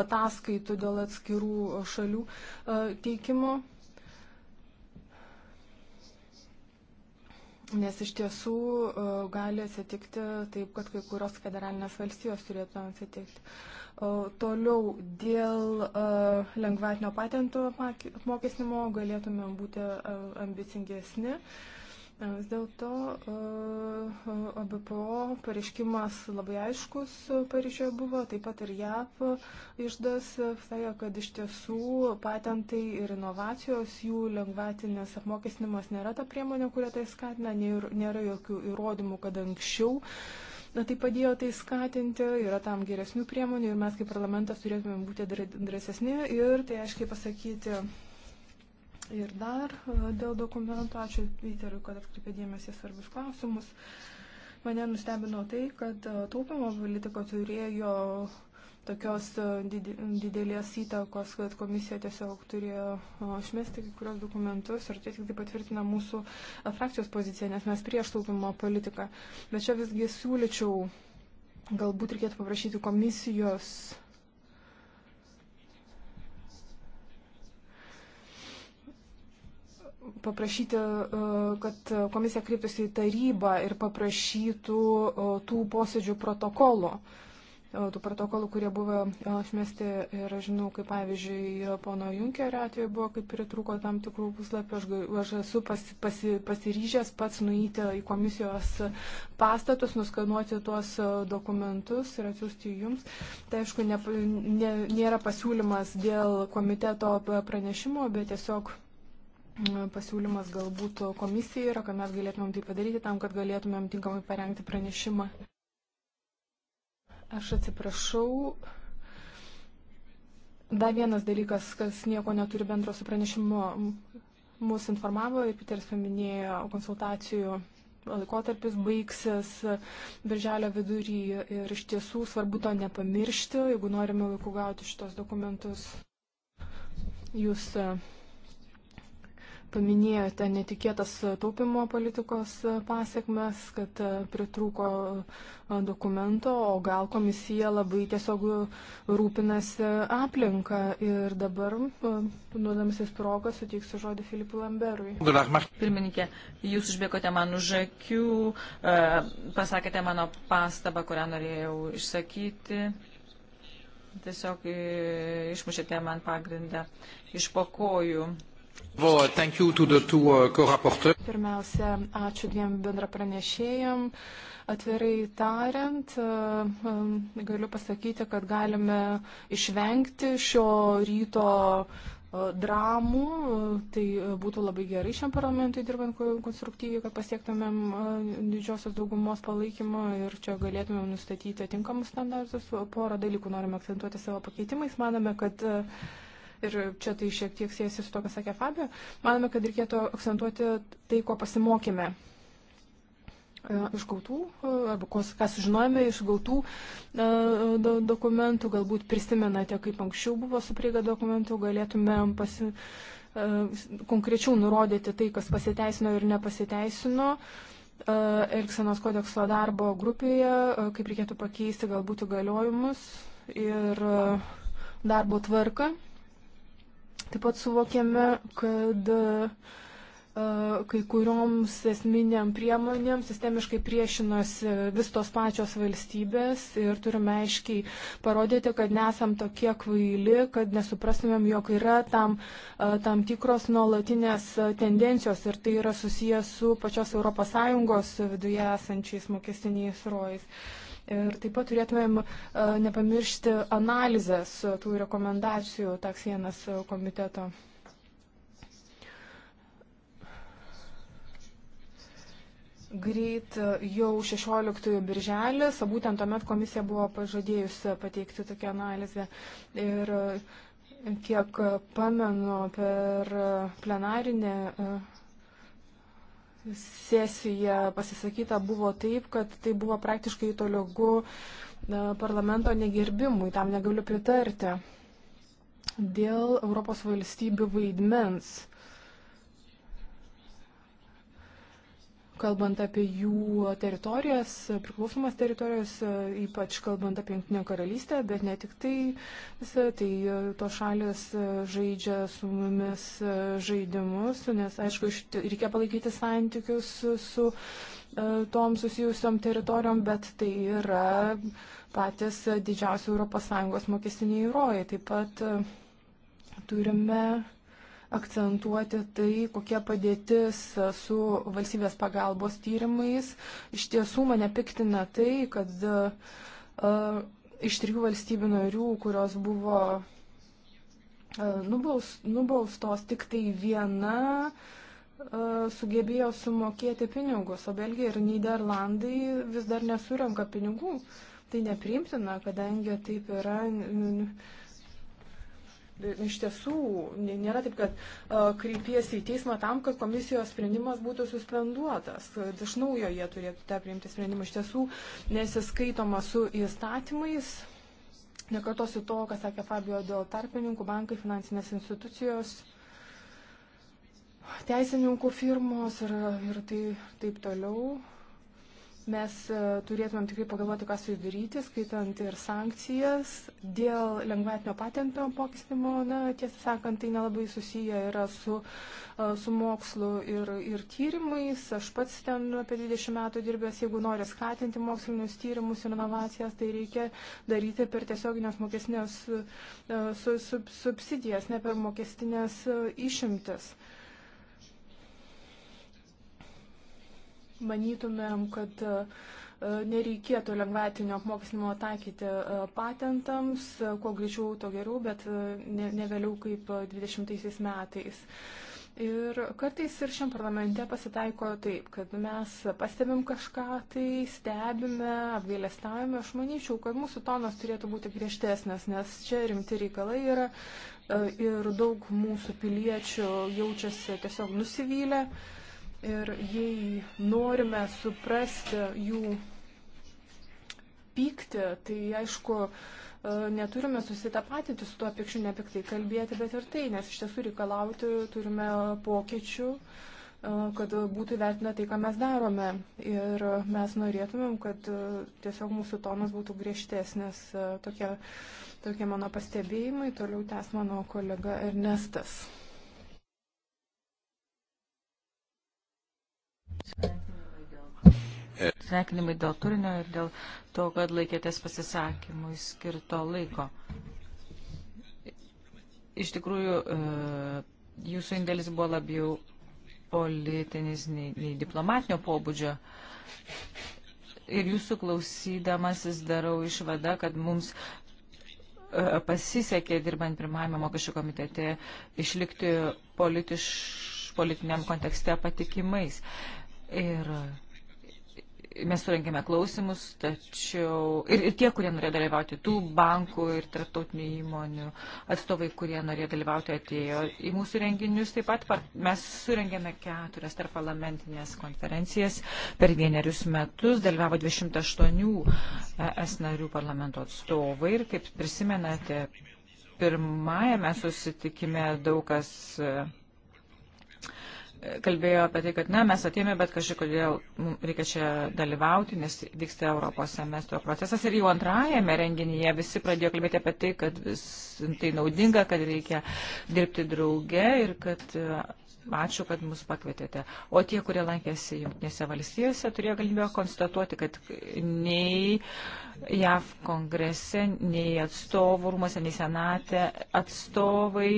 ataskaitų dėl atskirų šalių e, teikimo. Nes iš tiesų e, gali atsitikti taip, kad kai kurios federalinės valstijos turėtų atsitikti. Toliau dėl e, lengvatinio patento apmokestinimo galėtume būti ambicingesni. Uh, Vis dėlto ABPO e, e, pareiškimas labai aiškus Paryžioje buvo, taip pat ir JAV išdas sakė, kad iš tiesų patentai ir inovacijos, jų lengvatinės apmokestinimas nėra ta priemonė, kurią tai skatina, nėra jokių įrodymų, kad anksčiau. Na, tai padėjo tai skatinti, yra tam geresnių priemonių ir mes kaip parlamentas turėtume būti drąsesni ir tai aiškiai pasakyti Ir dar e, dėl dokumentų, ačiū Vyteriu, kad atkreipė dėmesį svarbius klausimus. Mane nustebino tai, kad e, taupimo politika turėjo tokios e, didelės įtakos, kad komisija tiesiog turėjo išmesti kai kurios dokumentus ir tai tik tai patvirtina mūsų frakcijos poziciją, nes mes prieš taupimo politiką. Bet čia visgi siūlyčiau, galbūt reikėtų paprašyti komisijos paprašyti, e, kad komisija kreiptųsi į tarybą ir paprašytų e, tų posėdžių protokolų. E, tų protokolų, kurie buvo išmesti ir aš žinau, kaip pavyzdžiui, pono Junkerio atveju buvo, kaip pritruko tam tikrų puslapį, aš, aš esu pasi, pasi, pasiryžęs pats nueiti į komisijos pastatus, nuskanuoti tuos dokumentus ir atsiųsti jums. Tai aišku, ne, ne, nėra pasiūlymas dėl komiteto pranešimo, bet tiesiog pasiūlymas galbūt komisijai yra, kad mes galėtumėm tai padaryti tam, kad galėtumėm tinkamai parengti pranešimą. Aš atsiprašau. Dar vienas dalykas, kas nieko neturi bendro su pranešimu, mus informavo ir Piteris paminėjo konsultacijų laikotarpis baigsis birželio vidury ir iš tiesų svarbu to nepamiršti, jeigu norime laiku gauti šitos dokumentus. Jūs paminėjote netikėtas taupimo politikos pasiekmes, kad pritrūko dokumento, o gal komisija labai tiesiog rūpinasi aplinką. Ir dabar, nuodamasis progą, suteiksiu žodį Filipui Lamberui. Pirmininkė, jūs užbėgote man už akių, pasakėte mano pastabą, kurią norėjau išsakyti tiesiog e, išmušėte man pagrindą iš pokojų. Uh, uh, Pirmiausia, ačiū dviem bendra pranešėjam. Atvirai tariant, uh, um, galiu pasakyti, kad galime išvengti šio ryto dramų, tai būtų labai gerai šiam parlamentui dirbant konstruktyviai, kad pasiektumėm didžiosios daugumos palaikymą ir čia galėtumėm nustatyti tinkamus standartus. Porą dalykų norime akcentuoti savo pakeitimais. Manome, kad uh, ir čia tai šiek tiek siejasi su to, ką sakė Fabio, manome, kad reikėtų akcentuoti tai, ko pasimokėme e, iš gautų, e, arba kos, ką sužinojame iš gautų e, do, dokumentų, galbūt prisimenate, kaip anksčiau buvo su prieiga dokumentų, galėtume pasi, konkrečiau nurodyti tai, kas pasiteisino ir nepasiteisino. Elksenos kodekso darbo grupėje, kaip reikėtų pakeisti galbūt įgaliojimus ir darbo tvarką. Taip pat suvokėme, kad e, kai kurioms esminiam priemonėm sistemiškai priešinosi vis tos pačios valstybės ir turime aiškiai parodyti, kad nesam tokie kvaili, kad nesuprastumėm, jog yra tam, e, tam tikros nuolatinės tendencijos ir tai yra susijęs su pačios ES viduje esančiais mokestiniais rojais. Uh, Ir taip pat turėtumėm e, nepamiršti analizės tų rekomendacijų taksienas e, komiteto. Greit e, jau 16 birželis, būtent tuomet komisija buvo pažadėjusi pateikti tokią analizę. Ir kiek pamenu per plenarinę sesiją pasisakyta buvo taip, kad tai buvo praktiškai tolygu e, parlamento negerbimui, tam negaliu pritarti. Dėl Europos valstybių vaidmens kalbant apie jų teritorijas, priklausomas teritorijas, ypač kalbant apie Junktinę karalystę, bet ne tik tai, tai to šalis žaidžia su mumis žaidimus, nes aišku, reikia palaikyti santykius su e, tom susijusiom teritorijom, bet tai yra patys didžiausi ES mokestiniai rojai. Taip pat e, turime akcentuoti tai, kokia padėtis su valstybės pagalbos tyrimais. Iš tiesų mane piktina tai, kad uh, iš trijų valstybių narių, kurios buvo uh, nubaus, nubaustos, tik tai viena e, sugebėjo sumokėti pinigus, o Belgija ir Niderlandai vis dar nesurenka pinigų. Tai nepriimtina, kadangi taip yra Iš tiesų, nėra taip, kad kreipiesi į teismą tam, kad komisijos sprendimas būtų suspenduotas. Iš naujo jie turėtų te priimti sprendimą. Iš tiesų, nesiskaitoma su įstatymais. Nekartosiu to, ką sakė Fabio dėl tarpininkų, bankai, finansinės institucijos teisininkų firmos ir, ir tai, taip toliau mes e, turėtumėm tikrai pagalvoti, ką su jais daryti, skaitant ir sankcijas. Dėl lengvatinio patento apmokestimo, na, tiesą sakant, tai nelabai susiję yra su, e, su mokslu ir, ir tyrimais. Aš pats ten apie 20 metų dirbęs, jeigu nori skatinti mokslinius tyrimus ir inovacijas, tai reikia daryti per tiesioginės mokestinės e, su, su, subsidijas, ne per mokestinės išimtis. Uh, manytumėm, kad e, nereikėtų lengvatinio apmokestinimo taikyti e, patentams, e, kuo greičiau to geriau, bet ne, ne vėliau kaip 20 metais. Ir kartais ir šiam parlamente pasitaiko taip, kad mes pastebim kažką, tai stebime, apgailestavime. Aš manyčiau, kad mūsų tonas turėtų būti griežtesnis, nes čia rimti reikalai yra ir daug mūsų piliečių jaučiasi tiesiog nusivylę. Uh, Ir jei norime suprasti jų pykti, tai aišku, e, neturime susitapatyti su tuo pikčiu, ne piktai kalbėti, bet ir tai, nes iš tiesų reikalauti turime pokyčių, e, kad būtų vertina tai, ką mes darome. Ir mes norėtumėm, kad e, tiesiog mūsų tonas būtų griežtesnis. Tokie, tokie mano pastebėjimai, toliau tęs mano kolega Ernestas. Sveikinimai dėl turinio ir dėl to, kad laikėtės pasisakymui skirto laiko. Iš tikrųjų, e, jūsų indėlis buvo labiau politinis nei, nei diplomatinio pobūdžio. Ir jūsų klausydamasis darau išvadą, kad mums e, pasisekė dirbant pirmajame mokesčių komitete išlikti politiš, politiniam kontekste patikimais. Uh, Ir mes surinkėme klausimus, tačiau ir, ir tie, kurie norėjo dalyvauti, tų bankų ir tarptautinių įmonių atstovai, kurie norėjo dalyvauti, atėjo į mūsų renginius. Taip pat mes surinkėme keturias tarp parlamentinės konferencijas per vienerius metus, dalyvavo 208 es narių parlamento atstovai ir, kaip prisimenate, pirmajame susitikime daug kas. Uh, kalbėjo apie tai, kad na, mes atėjome, bet kažkaip kodėl reikia čia dalyvauti, nes vyksta Europos semestro procesas. Ir jau antrajame renginyje visi pradėjo kalbėti apie tai, kad vis, tai naudinga, kad reikia dirbti drauge ir kad e, ačiū, kad mus pakvietėte. O tie, kurie lankėsi Junktinėse valstijose, turėjo galimybę konstatuoti, kad nei JAV kongrese, nei atstovų rūmose, nei senate atstovai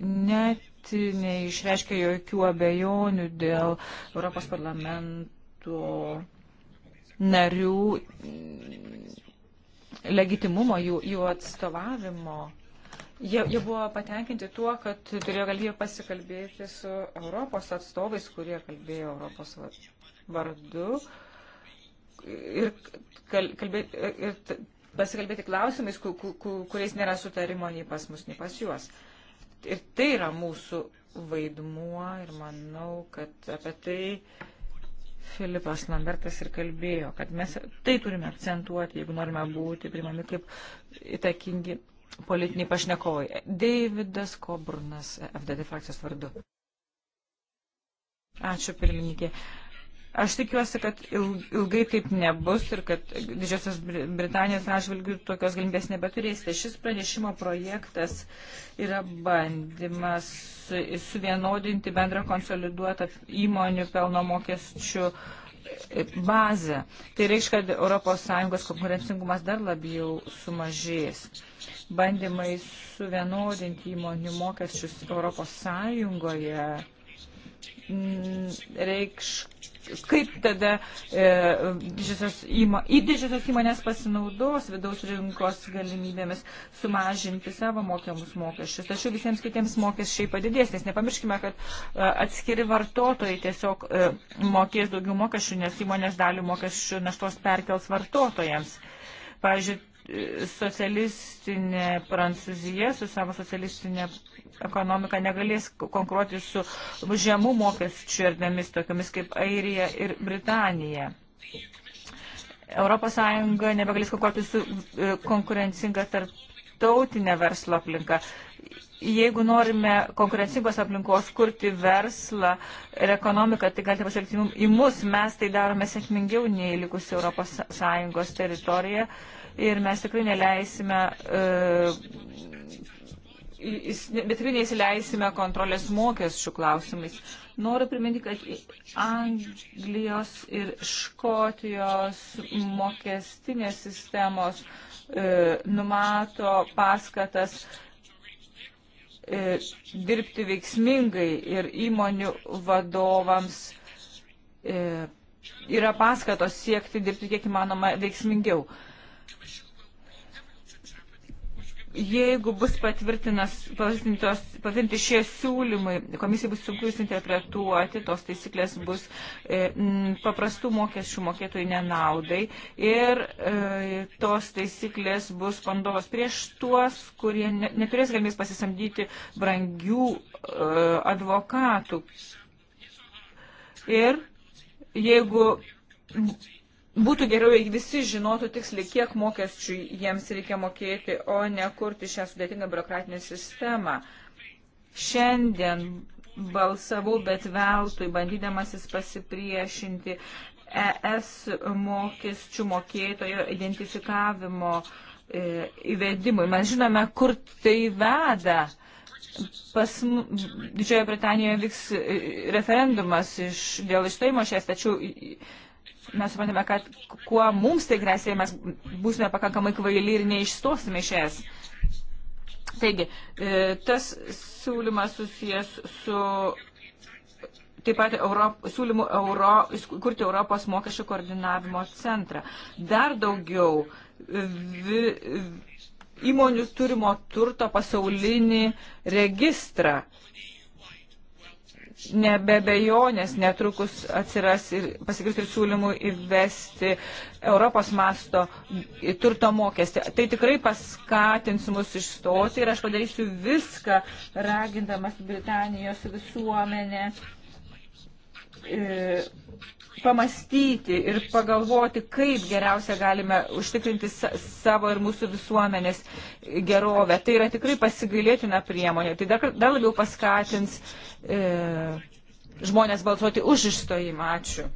net pati neišreiškė jokių abejonių dėl Europos parlamento narių legitimumo, jų, jų atstovavimo. Jie, jie buvo patenkinti tuo, kad turėjo galimybę pasikalbėti su Europos atstovais, kurie kalbėjo Europos vardu. Ir, kal, kalbė, ir pasikalbėti klausimais, ku, ku, ku, kuriais nėra sutarimo nei pas mus, nei pas juos. Uh, ir tai yra mūsų vaidmuo ir manau, kad apie tai Filipas Lambertas ir kalbėjo, kad mes tai turime akcentuoti, jeigu norime būti primami kaip įtakingi politiniai pašnekovai. Davidas Koburnas, FDD frakcijos vardu. Ačiū, pirmininkė. Uh, Aš tikiuosi, kad ilgai taip nebus ir kad Didžiosios Britanijos atžvilgių tokios galimybės nebeturėsite. Šis pranešimo projektas yra bandymas suvienodinti bendrą konsoliduotą įmonių pelno mokesčių e, bazę. Tai reiškia, kad ES konkurencingumas dar labiau sumažės. Bandymai suvienodinti įmonių mokesčius ES reikš kaip tada e, didžiosios įmo, didžiosios įmonės pasinaudos vidaus rinkos galimybėmis sumažinti savo mokiamus mokesčius. Tačiau visiems kitiems mokesčiai padidės, nes nepamirškime, kad e, atskiri vartotojai tiesiog e, mokės daugiau mokesčių, nes įmonės dalį mokesčių naštos perkels vartotojams. Pavyzdžiui, socialistinė Prancūzija su savo socialistinė ekonomika negalės konkuruoti su žemų mokesčių erdvėmis, tokiamis kaip Airija ir Britanija. ES nebegalės konkuruoti su e, konkurencinga tarptautinė verslo aplinka. Jeigu norime konkurencingos aplinkos kurti verslą ir ekonomiką, tai galite pasiekti į mus. Mes tai darome sėkmingiau nei likusi ES teritorija ir mes tikrai neleisime uh, bet tikrai neįsileisime kontrolės mokesčių klausimais. Noriu priminti, kad Anglijos ir Škotijos mokestinės sistemos e, numato paskatas e, dirbti veiksmingai ir įmonių vadovams e, yra paskatos siekti dirbti kiek įmanoma veiksmingiau. E, jeigu bus patvirtinti šie siūlymai, komisijai bus sunku jūs interpretuoti, tos taisyklės bus e, m, paprastų mokesčių mokėtojų nenaudai ir e, tos taisyklės bus pandovas prieš tuos, kurie ne, neturės galimės pasisamdyti brangių e, advokatų. Ir jeigu būtų geriau, jei visi žinotų tiksliai, kiek mokesčių jiems reikia mokėti, o ne kurti šią sudėtingą biurokratinę sistemą. Šiandien balsavau, bet veltui, bandydamasis pasipriešinti ES mokesčių mokėtojo identifikavimo e, įvedimui. Mes žinome, kur tai veda. Pas Didžiojo Britanijoje vyks e, referendumas iš, dėl išstojimo šias, tačiau mes suprantame, kad kuo mums tai grėsia, mes būsime pakankamai kvaili ir neišstosime iš es. Taigi, e, tas siūlymas susijęs su taip pat Europ, siūlymų Euro, kurti Europos mokesčių koordinavimo centrą. Dar daugiau vi, įmonių turimo turto pasaulinį registrą nebebejonės netrukus atsiras ir pasigirti ir siūlymų įvesti Europos masto turto mokestį. Tai tikrai paskatins mus išstoti ir aš padarysiu viską, ragindamas Britanijos visuomenę. E, pamastyti ir pagalvoti, kaip geriausia galime užtikrinti savo ir mūsų visuomenės gerovę. Tai yra tikrai pasigailėtina priemonė. Tai dar, dar labiau paskatins e, žmonės balsuoti už išstojimą. Ačiū.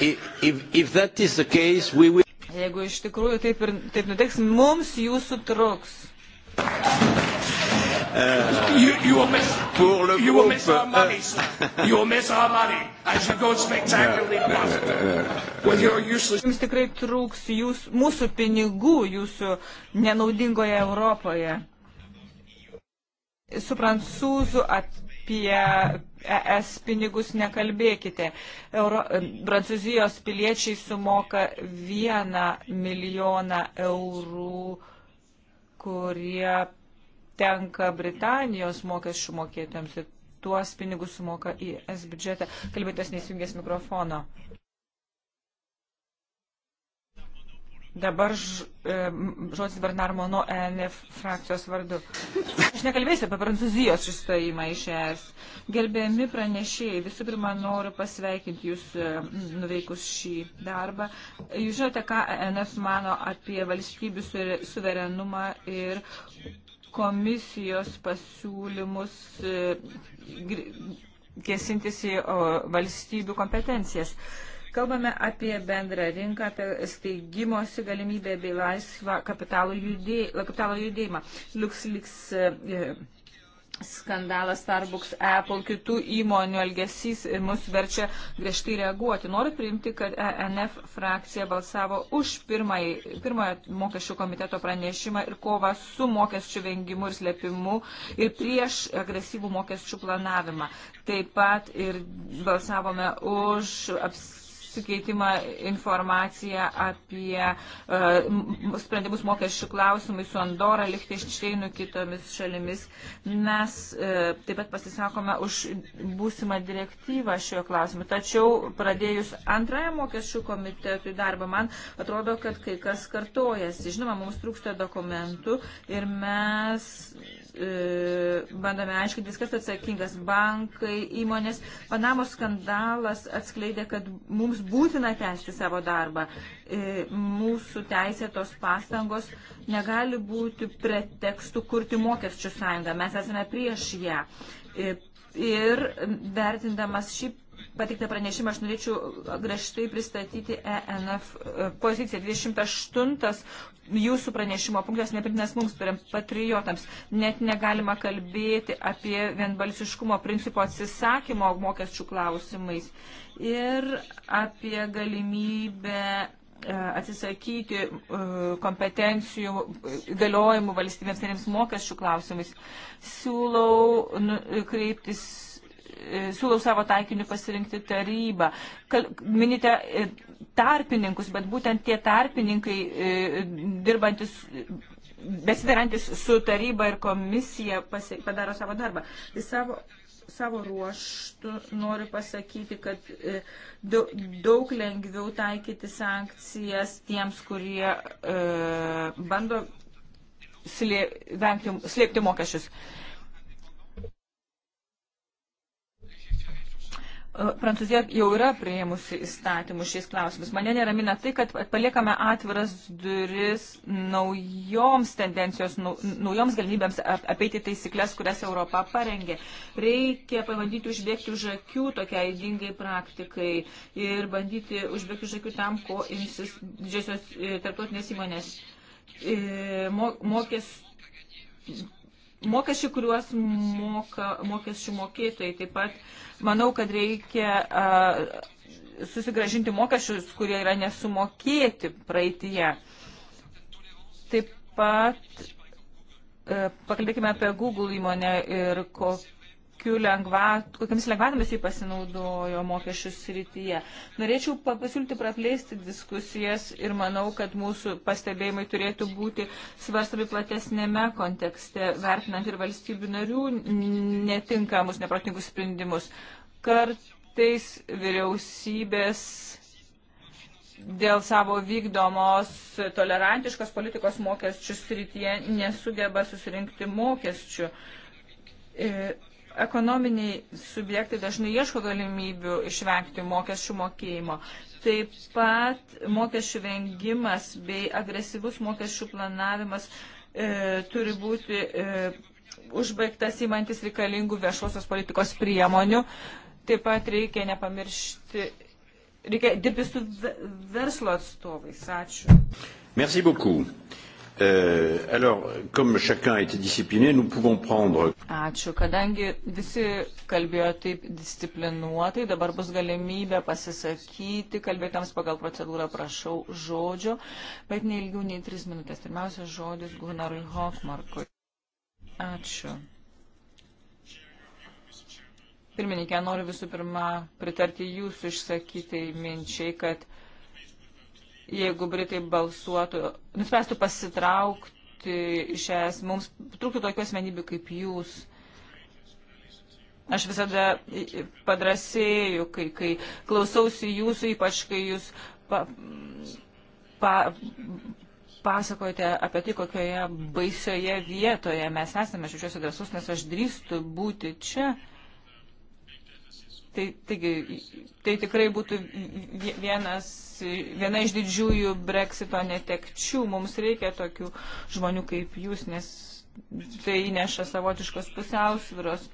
If, if, if case, will... Jeigu iš tikrųjų taip, ir, taip nutiks, mums jūsų truks. Uh, you, you will miss, pour le you groupe. Will miss our money, you will miss our money as you go spectacularly bust. With your useless... Jums tikrai trūks jūs, mūsų pinigų jūsų nenaudingoje Europoje. Su prancūzų apie ES pinigus nekalbėkite. Euro, prancūzijos piliečiai sumoka vieną milijoną eurų, kurie tenka Britanijos mokesčių mokėtėms ir tuos pinigus sumoka į S biudžetą. Kalbėtas neįsijungęs mikrofono. Dabar ž, e, žodis Bernard Mono ENF frakcijos vardu. Aš nekalbėsiu apie Prancūzijos išstojimą iš ES. Gerbėjami pranešėjai, visų pirma noriu pasveikinti jūs e, nuveikus šį darbą. Jūs žinote, ką ENF mano apie valstybių suverenumą ir komisijos pasiūlymus e, kėsintis į valstybių kompetencijas. Kalbame apie bendrą rinką, apie steigimosi galimybę bei laisvą kapitalo, judė, kapitalo judėjimą. LuxLeaks e, skandalas Starbucks, Apple, kitų įmonių elgesys mus verčia griežtai reaguoti. Noriu priimti, kad ENF frakcija balsavo už pirmąjį, pirmojo mokesčių komiteto pranešimą ir kovą su mokesčių vengimu ir slėpimu ir prieš agresyvų mokesčių planavimą. Taip pat ir balsavome už apsisprendimą apsikeitimą informaciją apie uh, sprendimus mokesčių klausimai su Andora, Lichtenšteinu, kitomis šalimis. Mes uh, taip pat pasisakome už būsimą direktyvą šio klausimu. Tačiau pradėjus antrąją mokesčių komitetui darbą, man atrodo, kad kai kas kartojasi. Žinoma, mums trūksta dokumentų ir mes E, bandome aiškintis, kas atsakingas - bankai, įmonės. Panamos skandalas atskleidė, kad mums būtina tęsti savo darbą. E, mūsų teisėtos pastangos negali būti pretekstu kurti mokesčių sąjungą. Mes esame prieš ją. E, ir vertindamas šį pateiktą pranešimą aš norėčiau uh, greštai pristatyti ENF uh, poziciją 28 jūsų pranešimo punktas neprimtinas mums turim patriotams. Net negalima kalbėti apie vienbalsiškumo principo atsisakymo mokesčių klausimais ir apie galimybę uh, atsisakyti kompetencijų galiojimų valstybėms narėms mokesčių klausimais. Siūlau nu, kreiptis E, siūlau savo taikiniu pasirinkti tarybą. Kal, minite e, tarpininkus, bet būtent tie tarpininkai e, dirbantis besidarantis su taryba ir komisija pasi, padaro savo darbą. Jis tai savo, savo ruoštų noriu pasakyti, kad daug lengviau taikyti sankcijas tiems, kurie e, bando slė, vengti, slėpti mokesčius. E, E, Prancūzija jau yra prieimusi įstatymus šiais klausimus. Mane neramina tai, kad paliekame atviras duris naujoms tendencijos, naujoms galimybėms apeiti taisyklės, kurias Europa parengė. Reikia pabandyti užbėgti už akių tokiai įdingai praktikai ir bandyti užbėgti už akių tam, ko imsis didžiosios e, tarptautinės įmonės. E, Mokės mokesčių, kuriuos moka mokesčių mokėtojai. Taip pat manau, kad reikia a, susigražinti mokesčius, kurie yra nesumokėti praeitie. Taip pat a, e, pakalbėkime apie Google įmonę ir kokią lengvat, kokiamis lengvatomis jį pasinaudojo mokesčių srityje. Norėčiau pasiūlyti praplėsti diskusijas ir manau, kad mūsų pastebėjimai turėtų būti svarstami platesnėme kontekste, vertinant ir valstybių narių netinkamus, neprotingus sprendimus. Kartais vyriausybės dėl savo vykdomos tolerantiškos politikos mokesčių srityje nesugeba susirinkti mokesčių. E, ekonominiai subjektai dažnai ieško galimybių išvengti mokesčių mokėjimo. Taip pat mokesčių vengimas bei agresyvus mokesčių planavimas e, turi būti e, užbaigtas įmantis reikalingų viešosios politikos priemonių. Taip pat reikia nepamiršti, reikia dirbti su verslo atstovais. Ačiū. Merci beaucoup. Euh, alors, comme chacun a été discipliné, nous pouvons prendre. Ačiū, kadangi visi kalbėjo taip disciplinuotai, dabar bus galimybė pasisakyti, kalbėtams pagal procedūrą prašau žodžio, bet neilgiau nei tris minutės. Pirmiausia, žodis Gunnarui Hofmarkui. Ačiū. Pirmininkė, noriu visų pirma pritarti jūsų išsakytai minčiai, kad uh, jeigu Britai balsuotų, nuspręstų pasitraukti iš es, mums trūktų tokių asmenybių kaip jūs. Aš visada padrasėju, kai, kai klausausi jūsų, ypač kai jūs pa, pa, pasakojate apie tai, kokioje baisioje vietoje mes esame šiuose drasus, nes aš drįstu būti čia. Uh, Tai, taigi, tai tikrai būtų vienas, viena iš didžiųjų breksito netekčių. Mums reikia tokių žmonių kaip jūs, nes tai įneša savotiškos pusiausvyros.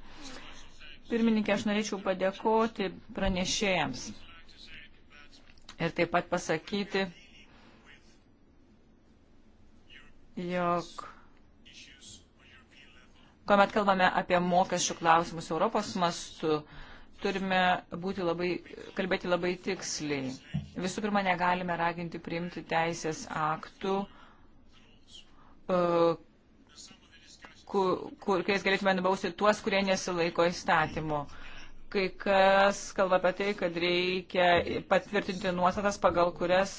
Pirmininkė, aš norėčiau padėkoti pranešėjams ir taip pat pasakyti, jog kuomet kalbame apie mokesčių klausimus Europos mastu, turime būti labai, kalbėti labai tiksliai. Visų pirma, negalime raginti priimti teisės aktų, e, kur, kuriais galėtume nubausti tuos, kurie nesilaiko įstatymu. Kai kas kalba apie tai, kad reikia patvirtinti nuostatas, pagal kurias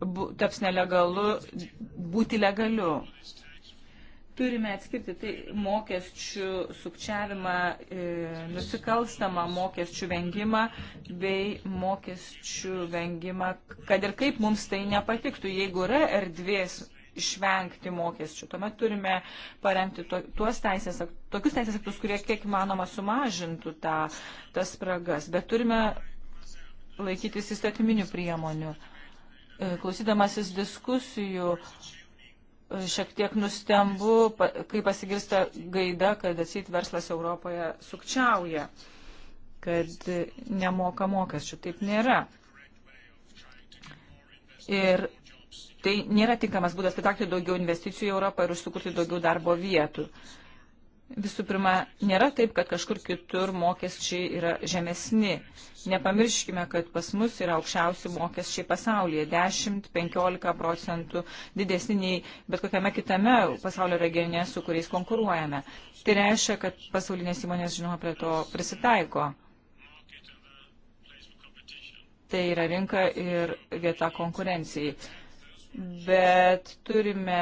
bu, taps nelegalu būti legaliu turime atskirti tai mokesčių sukčiavimą, e, nusikalstamą mokesčių vengimą bei mokesčių vengimą, kad ir kaip mums tai nepatiktų, jeigu yra erdvės išvengti mokesčių. Tuomet turime parengti to, tuos teisės, tokius teisės aktus, kurie kiek įmanoma sumažintų tą, tas spragas, bet turime laikytis įstatyminių priemonių. E, klausydamasis diskusijų, šiek tiek nustembu, kai pasigirsta gaida, kad atsit verslas Europoje sukčiauja, kad nemoka mokesčių. Taip nėra. Ir tai nėra tinkamas būdas pritraukti daugiau investicijų į Europą ir užsukurti daugiau darbo vietų. Uh, Visų pirma, nėra taip, kad kažkur kitur mokesčiai yra žemesni. Nepamirškime, kad pas mus yra aukščiausi mokesčiai pasaulyje - 10-15 procentų didesni nei bet kokiame kitame pasaulio regione, su kuriais konkuruojame. Tai reiškia, kad pasaulinės įmonės, žinoma, prie to prisitaiko. Tai yra rinka ir vieta konkurencijai bet turime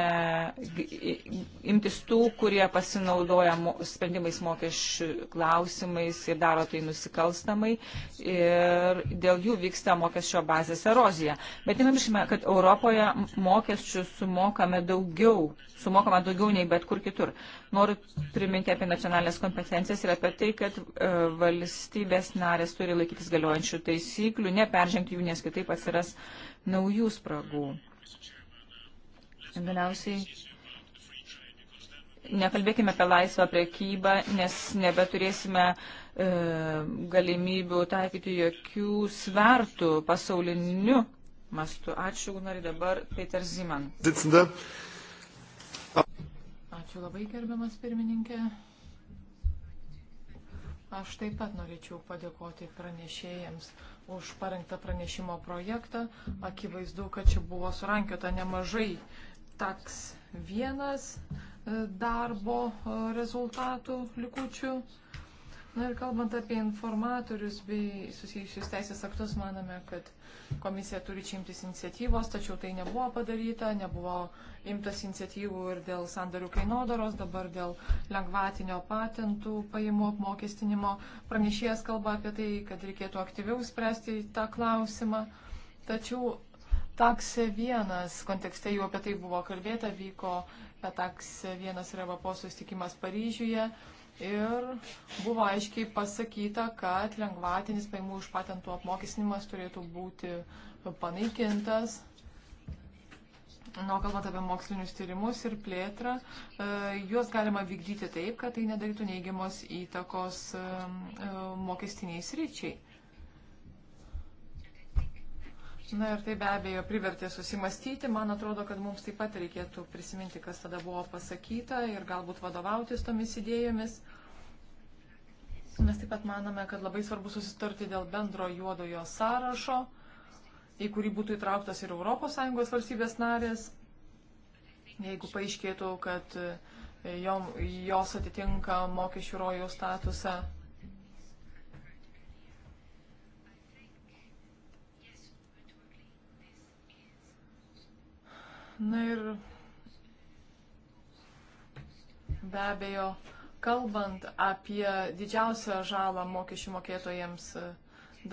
imtis tų, kurie pasinaudoja sprendimais mokesčių klausimais ir daro tai nusikalstamai ir dėl jų vyksta mokesčio bazės erozija. Bet nepamirškime, kad Europoje mokesčių sumokame daugiau, sumokame daugiau nei bet kur kitur. Noriu priminti apie nacionalinės kompetencijas ir apie tai, kad e, valstybės narės turi laikytis galiojančių taisyklių, neperžengti jų, nes kitaip atsiras naujų spragų. Galiausiai nekalbėkime apie laisvą priekybą, nes nebeturėsime e, galimybių taikyti jokių svertų pasauliniu mastu. Ačiū, Gunari, dabar Peter Ziman. Ačiū labai, gerbiamas pirmininkė. Aš taip pat norėčiau padėkoti pranešėjams už parengtą pranešimo projektą. Akivaizdu, kad čia buvo surankiota nemažai taks vienas e, darbo e, rezultatų likučių. Na ir kalbant apie informatorius bei susijusius teisės aktus, manome, kad komisija turi čia imtis iniciatyvos, tačiau tai nebuvo padaryta, nebuvo imtas iniciatyvų ir dėl sandarių kainodaros, dabar dėl lengvatinio patentų pajamų apmokestinimo. Pranešėjas kalba apie tai, kad reikėtų aktyviau spręsti tą klausimą. Tačiau Taksė vienas, kontekste jau apie tai buvo kalbėta, vyko e, taksė vienas ir EVP susitikimas Paryžiuje ir buvo aiškiai pasakyta, kad lengvatinis paimų už patentų apmokestinimas turėtų būti panaikintas. Na, kalbant apie mokslinius tyrimus ir plėtrą, e, juos galima vykdyti taip, kad tai nedarytų neigiamos įtakos e, mokestiniai sryčiai. Na ir tai be abejo privertė susimastyti. Man atrodo, kad mums taip pat reikėtų prisiminti, kas tada buvo pasakyta ir galbūt vadovautis tomis idėjomis. Mes taip pat manome, kad labai svarbu susitarti dėl bendro juodojo sąrašo, į kurį būtų įtrauktas ir ES valstybės narės. Jeigu paaiškėtų, kad e, jom, jos atitinka mokesčių rojų statusą Na ir be abejo, kalbant apie didžiausią žalą mokesčių mokėtojams e,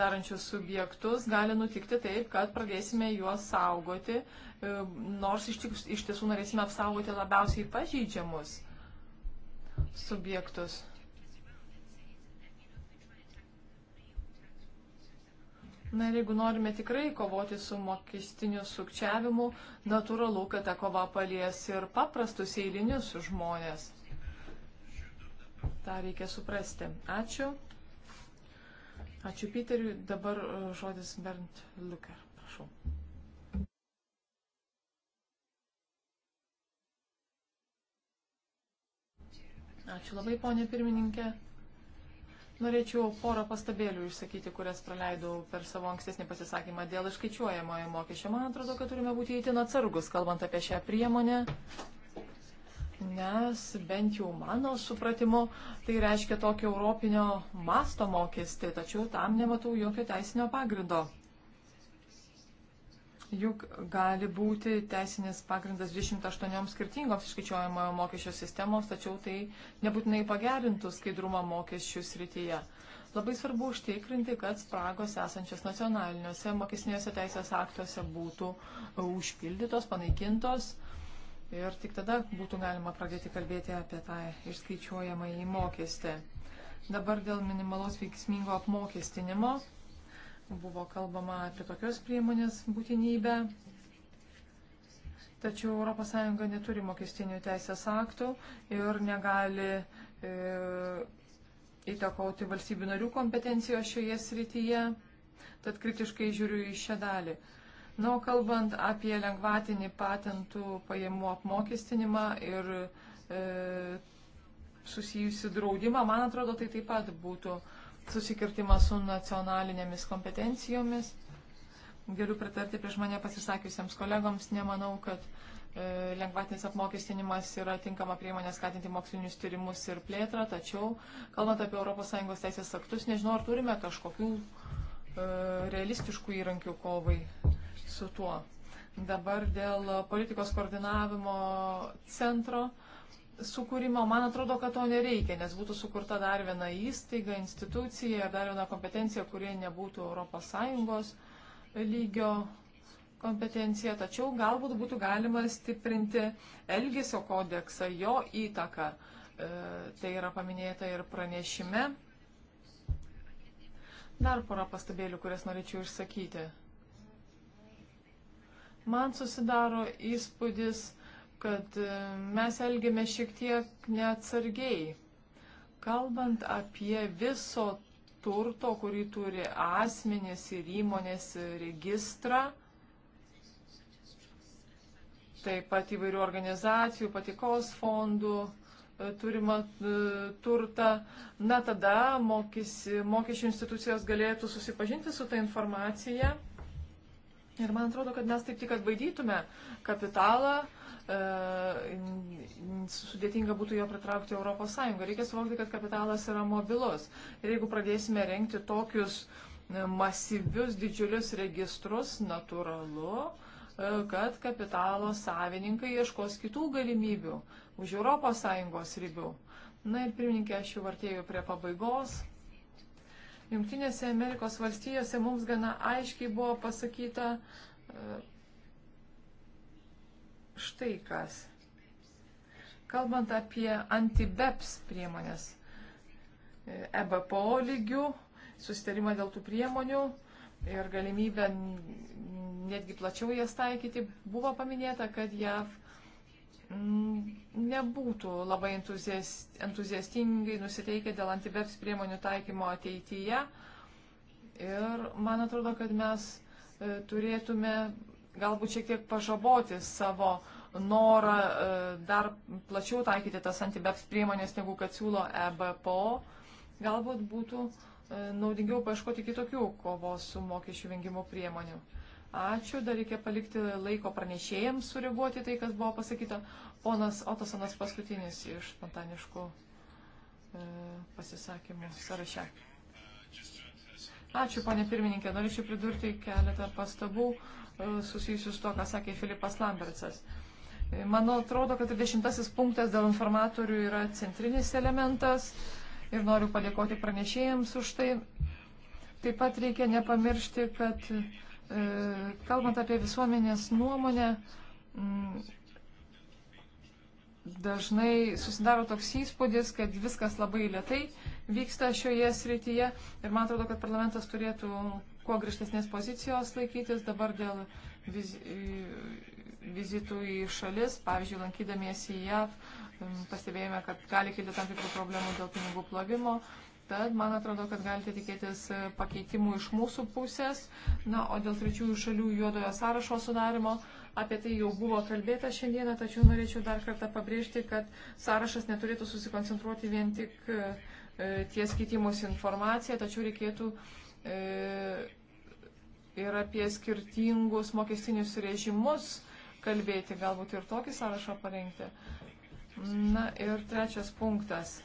darančius subjektus, gali nutikti taip, kad pradėsime juos saugoti, e, nors iš, iš tiesų norėsime apsaugoti labiausiai pažeidžiamus subjektus. Na ir jeigu norime tikrai kovoti su mokestiniu sukčiavimu, natūralu, kad ta kova palies ir paprastus eilinius žmonės. Ta reikia suprasti. Ačiū. Ačiū Piteriui. Dabar e, žodis Bernd Luker. Prašau. Ačiū labai, ponė pirmininkė. Norėčiau porą pastabėlių išsakyti, kurias praleidau per savo ankstesnį pasisakymą dėl išskaičiuojamojo mokesčio. Man atrodo, kad turime būti įtin atsargus, kalbant apie šią priemonę, nes bent jau mano supratimu tai reiškia tokio europinio masto mokestį, tačiau tam nematau jokio teisinio pagrindo. Juk gali būti teisinis pagrindas 28 skirtingoms išskaičiuojamojo mokesčio sistemos, tačiau tai nebūtinai pagerintų skaidrumą mokesčių srityje. Labai svarbu užtikrinti, kad spragos esančios nacionaliniuose mokesniuose teisės aktuose būtų užpildytos, panaikintos ir tik tada būtų galima pradėti kalbėti apie tą išskaičiuojamą į mokestį. Dabar dėl minimalaus veiksmingo apmokestinimo. Buvo kalbama apie tokios priemonės būtinybę. Tačiau ES neturi mokestinių teisės aktų ir negali e, įtakoti valstybių narių kompetencijos šioje srityje. Tad kritiškai žiūriu į šią dalį. Na, o kalbant apie lengvatinį patentų pajamų apmokestinimą ir e, susijusi draudimą, man atrodo, tai taip pat būtų e, susikirtimas su nacionalinėmis kompetencijomis. Galiu pritarti prieš mane pasisakiusiems kolegoms, nemanau, kad e, lengvatinis apmokestinimas yra tinkama priemonė skatinti mokslinius tyrimus ir plėtrą, tačiau, kalbant apie ES teisės aktus, nežinau, ar turime kažkokių e, realistiškų įrankių kovai su tuo. Dabar dėl politikos koordinavimo centro. E, sukūrimo, man atrodo, kad to nereikia, nes būtų sukurta dar viena įstaiga, institucija, dar viena kompetencija, kurie nebūtų ES lygio kompetencija, tačiau galbūt būtų galima stiprinti Elgesio kodeksą, jo įtaką. E, tai yra paminėta ir pranešime. Dar porą pastabėlių, kurias norėčiau išsakyti. Man susidaro įspūdis, kad e, mes elgėme šiek tiek neatsargiai. Kalbant apie viso turto, kurį turi asmenės ir įmonės registrą, taip pat įvairių organizacijų, patikos fondų e, turimą e, turtą, na tada mokys, mokesčių institucijos galėtų susipažinti su ta informacija Ir man atrodo, kad mes taip tik atbaidytume kapitalą, e, sudėtinga būtų jo pritraukti Europos Sąjungą. Reikia suvokti, kad kapitalas yra mobilus. Ir jeigu pradėsime renkti tokius e, masyvius, didžiulius registrus, natūralu, e, kad kapitalo savininkai ieškos kitų galimybių už Europos Sąjungos ribių. Na ir pirmininkė, aš jau artėjau prie pabaigos. Junktinėse Amerikos valstijose mums gana aiškiai buvo pasakyta e, štai kas. Kalbant apie antibeps priemonės, EBPO e lygių, susitarimą dėl tų priemonių ir galimybę netgi plačiau jas taikyti, buvo paminėta, kad JAV Mm, nebūtų labai entuziastingai nusiteikę dėl antibeps priemonių taikymo ateityje. Ir man atrodo, kad mes e, turėtume galbūt šiek tiek pažaboti savo norą e, dar plačiau taikyti tas antibeps priemonės, negu kad siūlo EBPO. Galbūt būtų e, naudingiau paieškoti kitokių kovos su mokesčių vengimu priemonių. Ačiū, dar reikia palikti laiko pranešėjams sureaguoti tai, kas buvo pasakyta. Ponas Otosonas paskutinis iš spontaniškų e, pasisakymų sąraše. Ačiū, ponė pirmininkė. Norėčiau pridurti keletą pastabų e, susijusių su to, ką sakė Filipas Lambertsas. E, man atrodo, kad 10 punktas dėl informatorių yra centrinis elementas ir noriu padėkoti pranešėjams už tai. Taip pat reikia nepamiršti, kad E, kalbant apie visuomenės nuomonę, mm, dažnai susidaro toks įspūdis, kad viskas labai lietai vyksta šioje srityje ir man atrodo, kad parlamentas turėtų kuo grįžtesnės pozicijos laikytis dabar dėl viz, vizitų į šalis, pavyzdžiui, lankydamiesi į JAV, mm, pastebėjome, kad gali kilti tam tikrų problemų dėl pinigų plovimo, Tad man atrodo, kad galite tikėtis e, pakeitimų iš mūsų pusės. Na, o dėl trečiųjų šalių juodojo sąrašo sudarimo, apie tai jau buvo kalbėta šiandieną, tačiau norėčiau dar kartą pabrėžti, kad sąrašas neturėtų susikoncentruoti vien tik e, e, ties keitimus informaciją, tačiau reikėtų ir apie skirtingus mokestinius režimus kalbėti, galbūt ir tokį sąrašą parengti. Na ir trečias punktas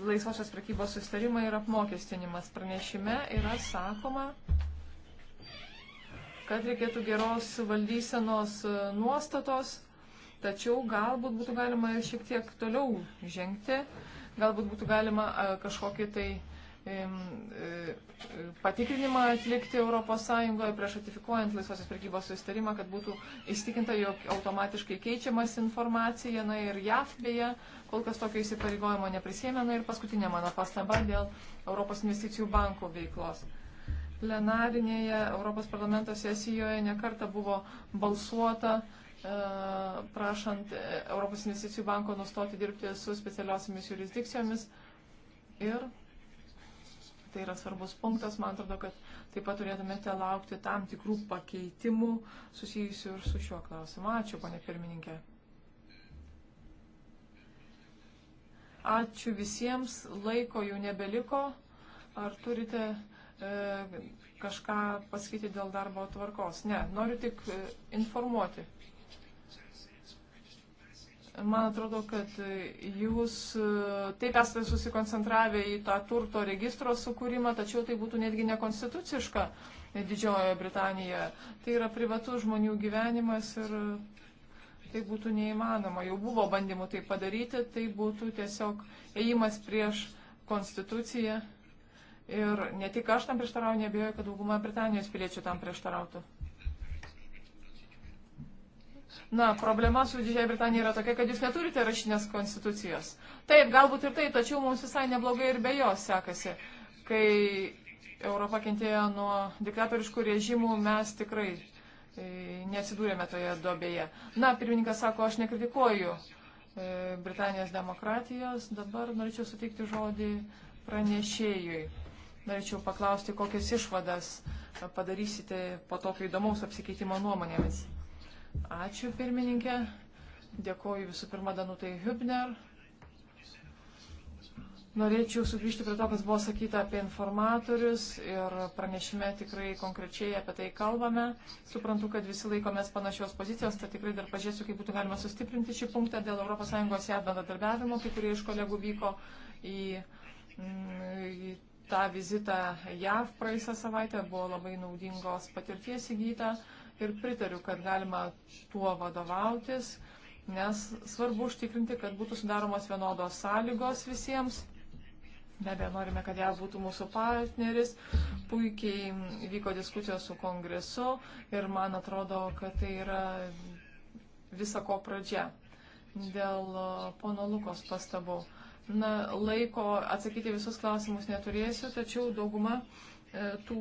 laisvosios prekybos sustarimai ir apmokestinimas. Pranešime yra sakoma, kad reikėtų geros valdysenos e, nuostatos, tačiau galbūt būtų galima šiek tiek toliau žengti, galbūt būtų galima e, kažkokį tai E, e, patikrinimą atlikti ES prieš ratifikuojant laisvosios prekybos susitarimą, kad būtų įstikinta, jog automatiškai keičiamas informacija. Na ir JAF beje kol kas tokio įsipareigojimo neprisėmė. Na ir paskutinė mano pastaba dėl Europos investicijų bankų veiklos plenarinėje Europos parlamento sesijoje nekarta buvo balsuota e, prašant Europos investicijų banko nustoti dirbti su specialiosiomis jurisdikcijomis. Ir tai yra svarbus punktas. Man atrodo, kad taip pat turėtumėte laukti tam tikrų pakeitimų susijusių ir su šiuo klausimu. Ačiū, ponė pirmininkė. Ačiū visiems, laiko jau nebeliko. Ar turite e, kažką pasakyti dėl darbo tvarkos? Ne, noriu tik e, informuoti. Man atrodo, kad jūs e, taip esate susikoncentravę į tą turto registro sukūrimą, tačiau tai būtų netgi nekonstituciška Didžiojoje Britanijoje. Tai yra privatus žmonių gyvenimas ir tai būtų neįmanoma. Jau buvo bandymų tai padaryti, tai būtų tiesiog ėjimas prieš konstituciją. Ir ne tik aš tam prieštarauju, nebejoju, kad dauguma Britanijos piliečių tam prieštarautų. Na, problema su Didžiaja Britanija yra tokia, kad jūs neturite rašinės konstitucijos. Taip, galbūt ir tai, tačiau mums visai neblogai ir be jos sekasi. Kai Europa kentėjo nuo diktatoriškų režimų, mes tikrai e, neatsidūrėme toje dobėje. Na, pirmininkas sako, aš nekritikuoju e, Britanijos demokratijos. Dabar norėčiau suteikti žodį pranešėjui. Norėčiau paklausti, kokias išvadas padarysite po tokio įdomaus apsikeitimo nuomonėmis. Ačiū pirmininkė. Dėkoju visų pirma Danutai Hübner. Norėčiau sugrįžti prie to, kas buvo sakyta apie informatorius ir pranešime tikrai konkrečiai apie tai kalbame. Suprantu, kad visi laikomės panašios pozicijos, tad tikrai dar pažiūrėsiu, kaip būtų galima sustiprinti šį punktą dėl ES jav bendradarbiavimo, kai kurie iš kolegų vyko į, mm, į tą vizitą JAV praeisą savaitę, buvo labai naudingos patirties įgyta. Uh, ir pritariu, kad galima tuo vadovautis, nes svarbu užtikrinti, kad būtų sudaromos vienodos sąlygos visiems. Be abejo, norime, kad ją būtų mūsų partneris. Puikiai vyko diskusijos su kongresu ir man atrodo, kad tai yra visako pradžia. Dėl e, pono Lukos pastabų. Na, laiko atsakyti visus klausimus neturėsiu, tačiau dauguma e, tų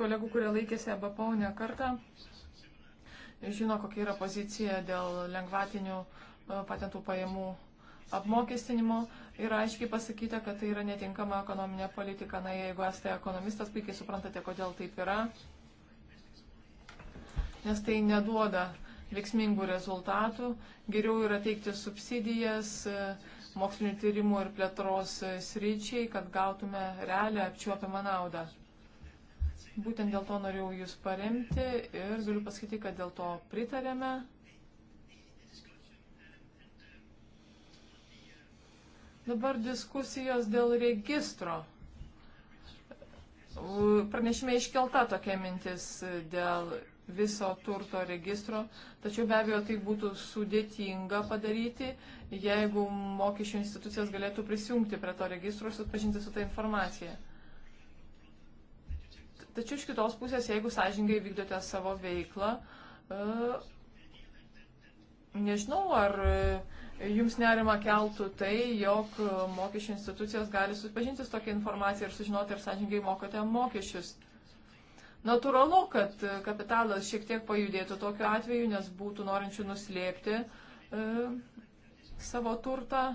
kolegų, kurie laikėsi ABPO ne kartą, žino, kokia yra pozicija dėl lengvatinių e, patentų pajamų apmokestinimo ir aiškiai pasakyta, kad tai yra netinkama ekonominė politika. Na, jeigu esate ekonomistas, puikiai suprantate, kodėl taip yra, nes tai neduoda veiksmingų rezultatų. Geriau yra teikti subsidijas e, mokslinio tyrimų ir plėtros e, sryčiai, kad gautume realią apčiuopiamą naudą. Būtent dėl to norėjau Jūs paremti ir galiu pasakyti, kad dėl to pritarėme. Dabar diskusijos dėl registro. Pranešime iškelta tokia mintis dėl viso turto registro, tačiau be abejo tai būtų sudėtinga padaryti, jeigu mokesčių institucijas galėtų prisijungti prie to registro ir supažinti su tą informaciją. Tačiau iš kitos pusės, jeigu sąžingai vykdote savo veiklą, e, nežinau, ar e, jums nerima keltų tai, jog mokesčių institucijos gali susipažinti su tokia informacija ir sužinoti, ar sąžingai mokate mokesčius. Natūralu, kad kapitalas šiek tiek pajudėtų tokiu atveju, nes būtų norinčių nuslėpti e, savo turtą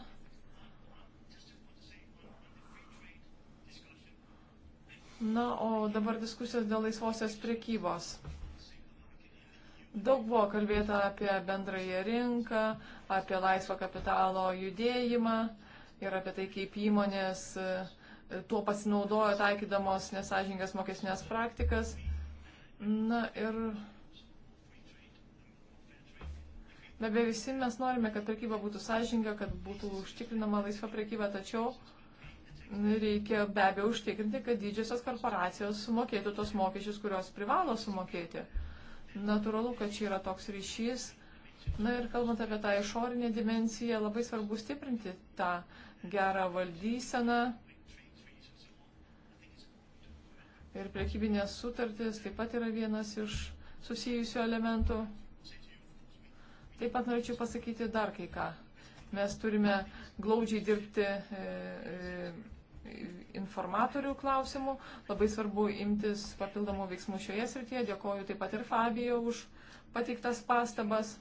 Na, o dabar diskusijos dėl laisvosios priekybos. Daug buvo kalbėta apie bendrąją rinką, apie laisvo kapitalo judėjimą ir apie tai, kaip įmonės e, tuo pasinaudojo taikydamos nesažingas mokesnės praktikas. Na ir Be abejo, visi mes norime, kad prekyba būtų sąžininga, kad būtų užtikrinama laisva prekyba, tačiau reikia be abejo užtikrinti, kad didžiosios korporacijos sumokėtų tos mokesčius, kurios privalo sumokėti. Natūralu, kad čia yra toks ryšys. Na ir kalbant apie tą išorinę dimenciją, labai svarbu stiprinti tą gerą valdyseną. Ir priekybinės sutartys taip pat yra vienas iš susijusių elementų. Taip pat norėčiau pasakyti dar kai ką. Mes turime glaudžiai dirbti e, e, informatorių klausimų. Labai svarbu imtis papildomų veiksmų šioje srityje. Dėkoju taip pat ir Fabijo už pateiktas pastabas.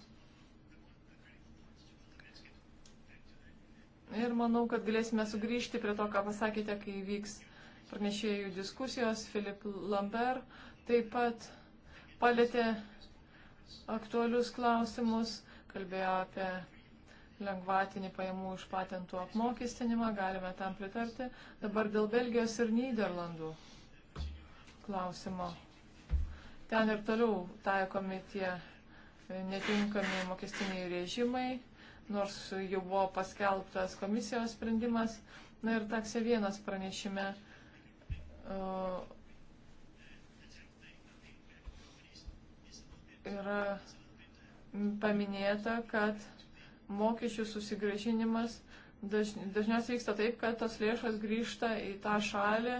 Ir manau, kad galėsime sugrįžti prie to, ką pasakėte, kai vyks pranešėjų diskusijos. Filip Lambert taip pat palėtė aktualius klausimus, kalbėjo apie lengvatinį pajamų iš patentų apmokestinimą, galime tam pritarti. Dabar dėl Belgijos ir Niderlandų klausimo. Ten ir toliau taikomi tie e, netinkami mokestiniai režimai, nors jau buvo paskelbtas komisijos sprendimas. Na ir taksė vienas pranešime. Uh, yra paminėta, kad mokesčių susigražinimas dažniausiai vyksta taip, kad tos lėšos grįžta į tą šalį,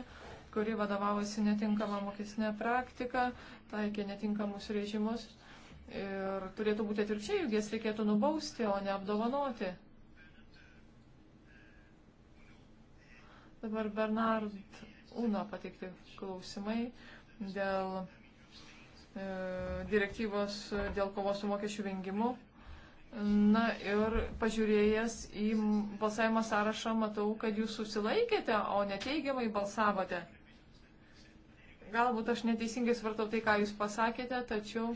kuri vadovavosi netinkama mokestinė praktika, taikė netinkamus režimus. Ir turėtų būti atvirkščiai, juk jas reikėtų nubausti, o ne apdovanoti. Dabar Bernard Uno pateikti klausimai dėl e, direktyvos dėl kovos su mokesčių vengimu. Na ir pažiūrėjęs į balsavimo sąrašą, matau, kad jūs susilaikėte, o neteigiamai balsavote. Galbūt aš neteisingai svartau tai, ką jūs pasakėte, tačiau,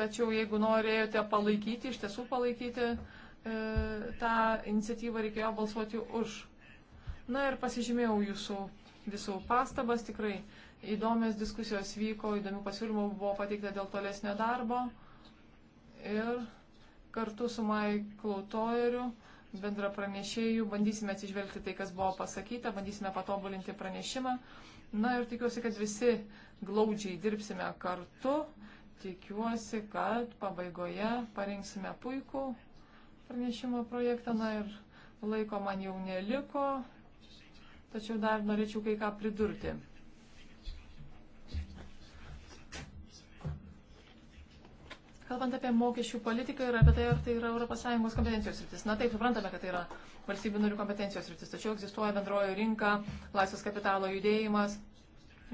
tačiau jeigu norėjote palaikyti, iš tiesų palaikyti e, tą iniciatyvą, reikėjo balsuoti už. Na ir pasižymėjau jūsų visų pastabas, tikrai įdomios diskusijos vyko, įdomių pasiūlymų buvo pateikta dėl tolesnio darbo ir kartu su Maiklu Toeriu bendra pranešėjų bandysime atsižvelgti tai, kas buvo pasakyta, bandysime patobulinti pranešimą. Na ir tikiuosi, kad visi glaudžiai dirbsime kartu. Tikiuosi, kad pabaigoje parinksime puikų pranešimo projektą. Na ir laiko man jau neliko, tačiau dar norėčiau kai ką pridurti. Kalbant apie mokesčių politiką ir apie tai, ar tai yra ES kompetencijos rytis. Na taip, suprantame, kad tai yra valstybių narių kompetencijos rytis, tačiau egzistuoja bendroji rinka, laisvas kapitalo judėjimas,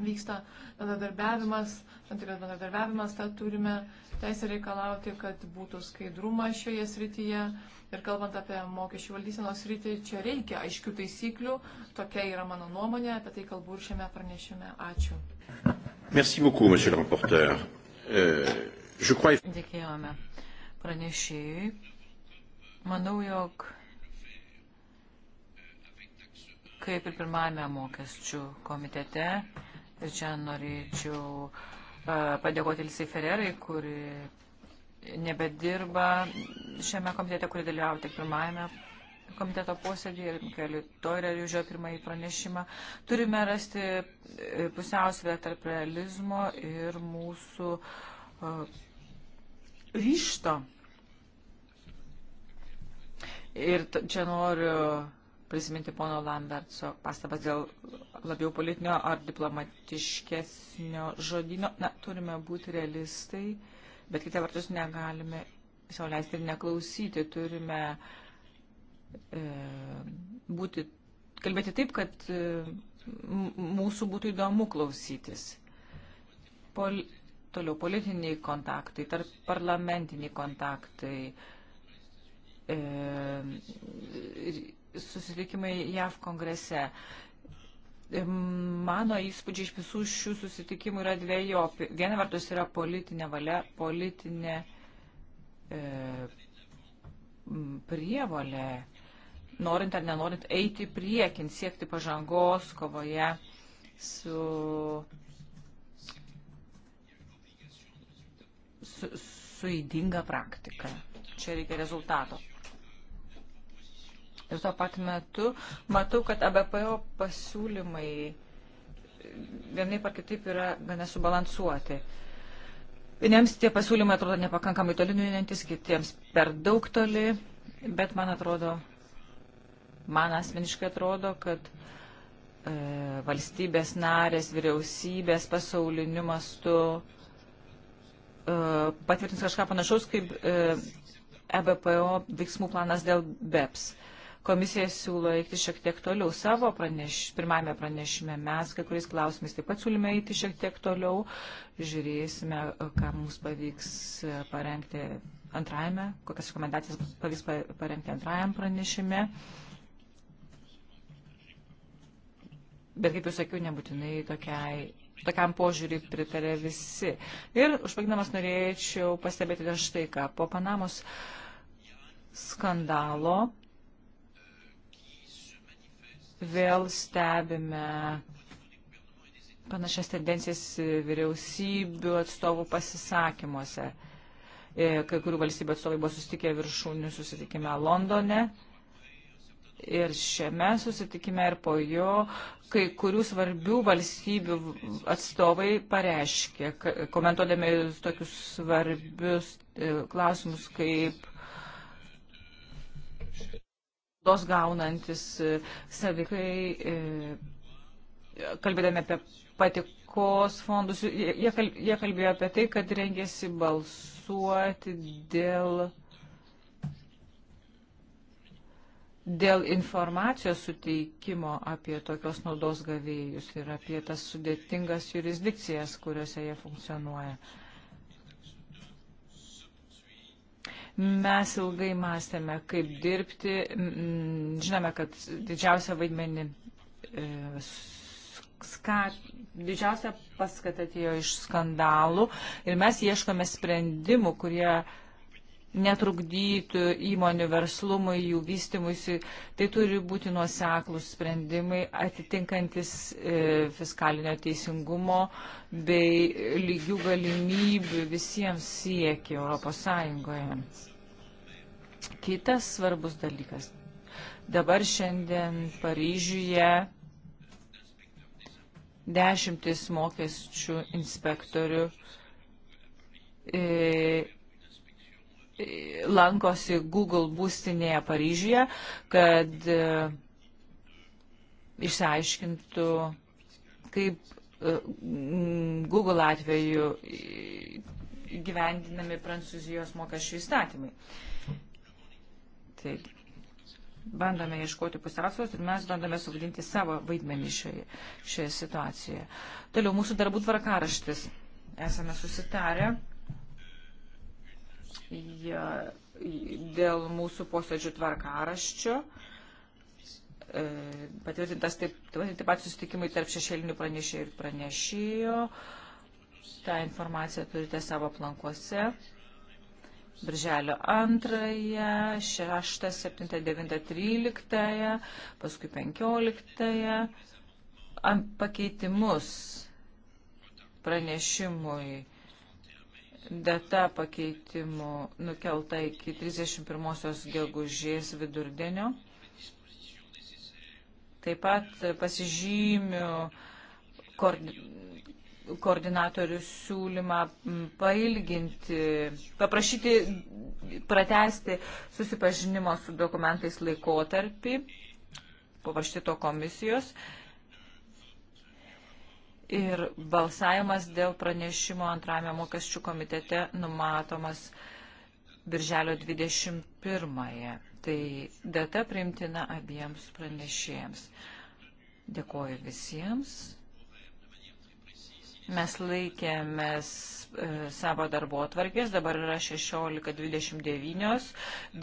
vyksta bendradarbiavimas, tam tikras bendradarbiavimas, tad turime teisę reikalauti, kad būtų skaidrumas šioje srityje. Ir kalbant apie mokesčių valdysenos rytį, čia reikia aiškių taisyklių. Tokia yra mano nuomonė, apie tai kalbu ir šiame pranešime. Ačiū. Merci beaucoup, monsieur le rapporteur. Euh... Dėkėjome pranešėjui. Manau, jog kaip ir pirmame mokesčių komitete, ir čia norėčiau e, padėkoti Lisai Ferrerai, kuri nebedirba šiame komitete, kuri dalyvavo tik pirmajame komiteto posėdį ir Mikeliu Toireriu žio pirmąjį pranešimą. Turime rasti pusiausvę tarp realizmo ir mūsų uh, ryšto. Ir čia noriu prisiminti pono Lambertso pastabas dėl labiau politinio ar diplomatiškesnio žodino. Na, turime būti realistai, bet kitą vertus negalime sauliaisti ir neklausyti. Turime e, būti, kalbėti taip, kad e, mūsų būtų įdomu klausytis. Pol, Toliau politiniai kontaktai, tarp parlamentiniai kontaktai, e, susitikimai JAV kongrese. E, mano įspūdžiai iš visų šių susitikimų yra dviejopi. Viena vertus yra politinė valia, politinė e, prievalė, norint ar nenorint, eiti priekin, siekti pažangos kovoje su su, suidinga praktika. Čia reikia rezultato. Ir tuo pat metu matau, kad ABPO pasiūlymai vienaip ar kitaip yra gana subalansuoti. Vieniems tie pasiūlymai atrodo nepakankamai toli nuinantis, kitiems per daug toli, bet man atrodo, man asmeniškai atrodo, kad e, valstybės narės, vyriausybės pasauliniu mastu e, E, patvirtins kažką panašaus kaip EBPO e veiksmų planas dėl BEPS. Komisija siūlo eiti šiek tiek toliau savo praneš, pirmame pranešime. Mes kai kuriais klausimais taip pat siūlime eiti šiek tiek toliau. Žiūrėsime, ką mums pavyks parengti antrajame, kokias rekomendacijas pavyks parengti antrajam pranešime. Bet kaip jau sakiau, nebūtinai tokiai tokiam požiūrį pritarė visi. Ir užbaigdamas norėčiau pastebėti dar štai ką. Po Panamos skandalo vėl stebime panašias tendencijas vyriausybių atstovų pasisakymuose. E, kai kurių valstybių atstovai buvo susitikę viršūnių susitikime Londone ir šiame susitikime, ir po jo kai kurių svarbių valstybių atstovai pareiškė, komentuodami tokius svarbius e, klausimus kaip dos gaunantis e, savikai, e, kalbėdami apie patikos fondus, jie kalbėjo apie tai, kad rengėsi balsuoti dėl dėl informacijos suteikimo apie tokios naudos gavėjus ir apie tas sudėtingas jurisdikcijas, kuriuose jie funkcionuoja. Mes ilgai mąstėme, kaip dirbti. Žinome, kad didžiausia vaidmenį, e, ska, didžiausia paskata atėjo iš skandalų ir mes ieškome sprendimų, kurie netrukdytų įmonių verslumui, jų vystimuisi. Tai turi būti nuoseklus sprendimai atitinkantis e, fiskalinio teisingumo bei lygių galimybių visiems siekį Europos Sąjungoje. Kitas svarbus dalykas. Dabar šiandien Paryžiuje dešimtis mokesčių inspektorių e, lankosi Google būstinėje Paryžyje, kad e, išsiaiškintų, kaip e, Google atveju gyvendinami Prancūzijos mokesčių įstatymai. Taigi, bandome ieškoti pusiausvės ir mes bandome suvaidinti savo vaidmenį šioje, šioje situacijoje. Toliau mūsų darbų tvarkaraštis. Esame susitarę ja, dėl mūsų posėdžių tvarkaraščio. E, patvirtintas taip, taip pat susitikimai tarp šešėlinių pranešėjų ir pranešėjo. Ta informacija turite savo plankuose. Birželio 2, 6, 7, 9, 13, paskui 15. Pakeitimus pranešimui data pakeitimų nukelta iki 31 gegužės vidurdienio. Taip pat pasižymiu koordinatorių siūlymą pailginti, paprašyti pratesti susipažinimo su dokumentais laikotarpį po vaštito komisijos. Uh, ir balsavimas dėl pranešimo antrame mokesčių komitete numatomas Birželio 21-ąją. Tai data priimtina abiems pranešėjams. Dėkuoju visiems. Mes laikėmės e, savo darbo atvarkės, dabar yra 16.29,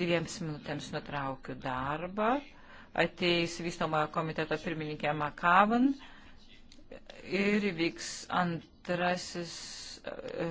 dviems minutėms nutraukiu darbą. Ateis vystomojo komiteto pirmininkė Makavan ir vyks antrasis. E,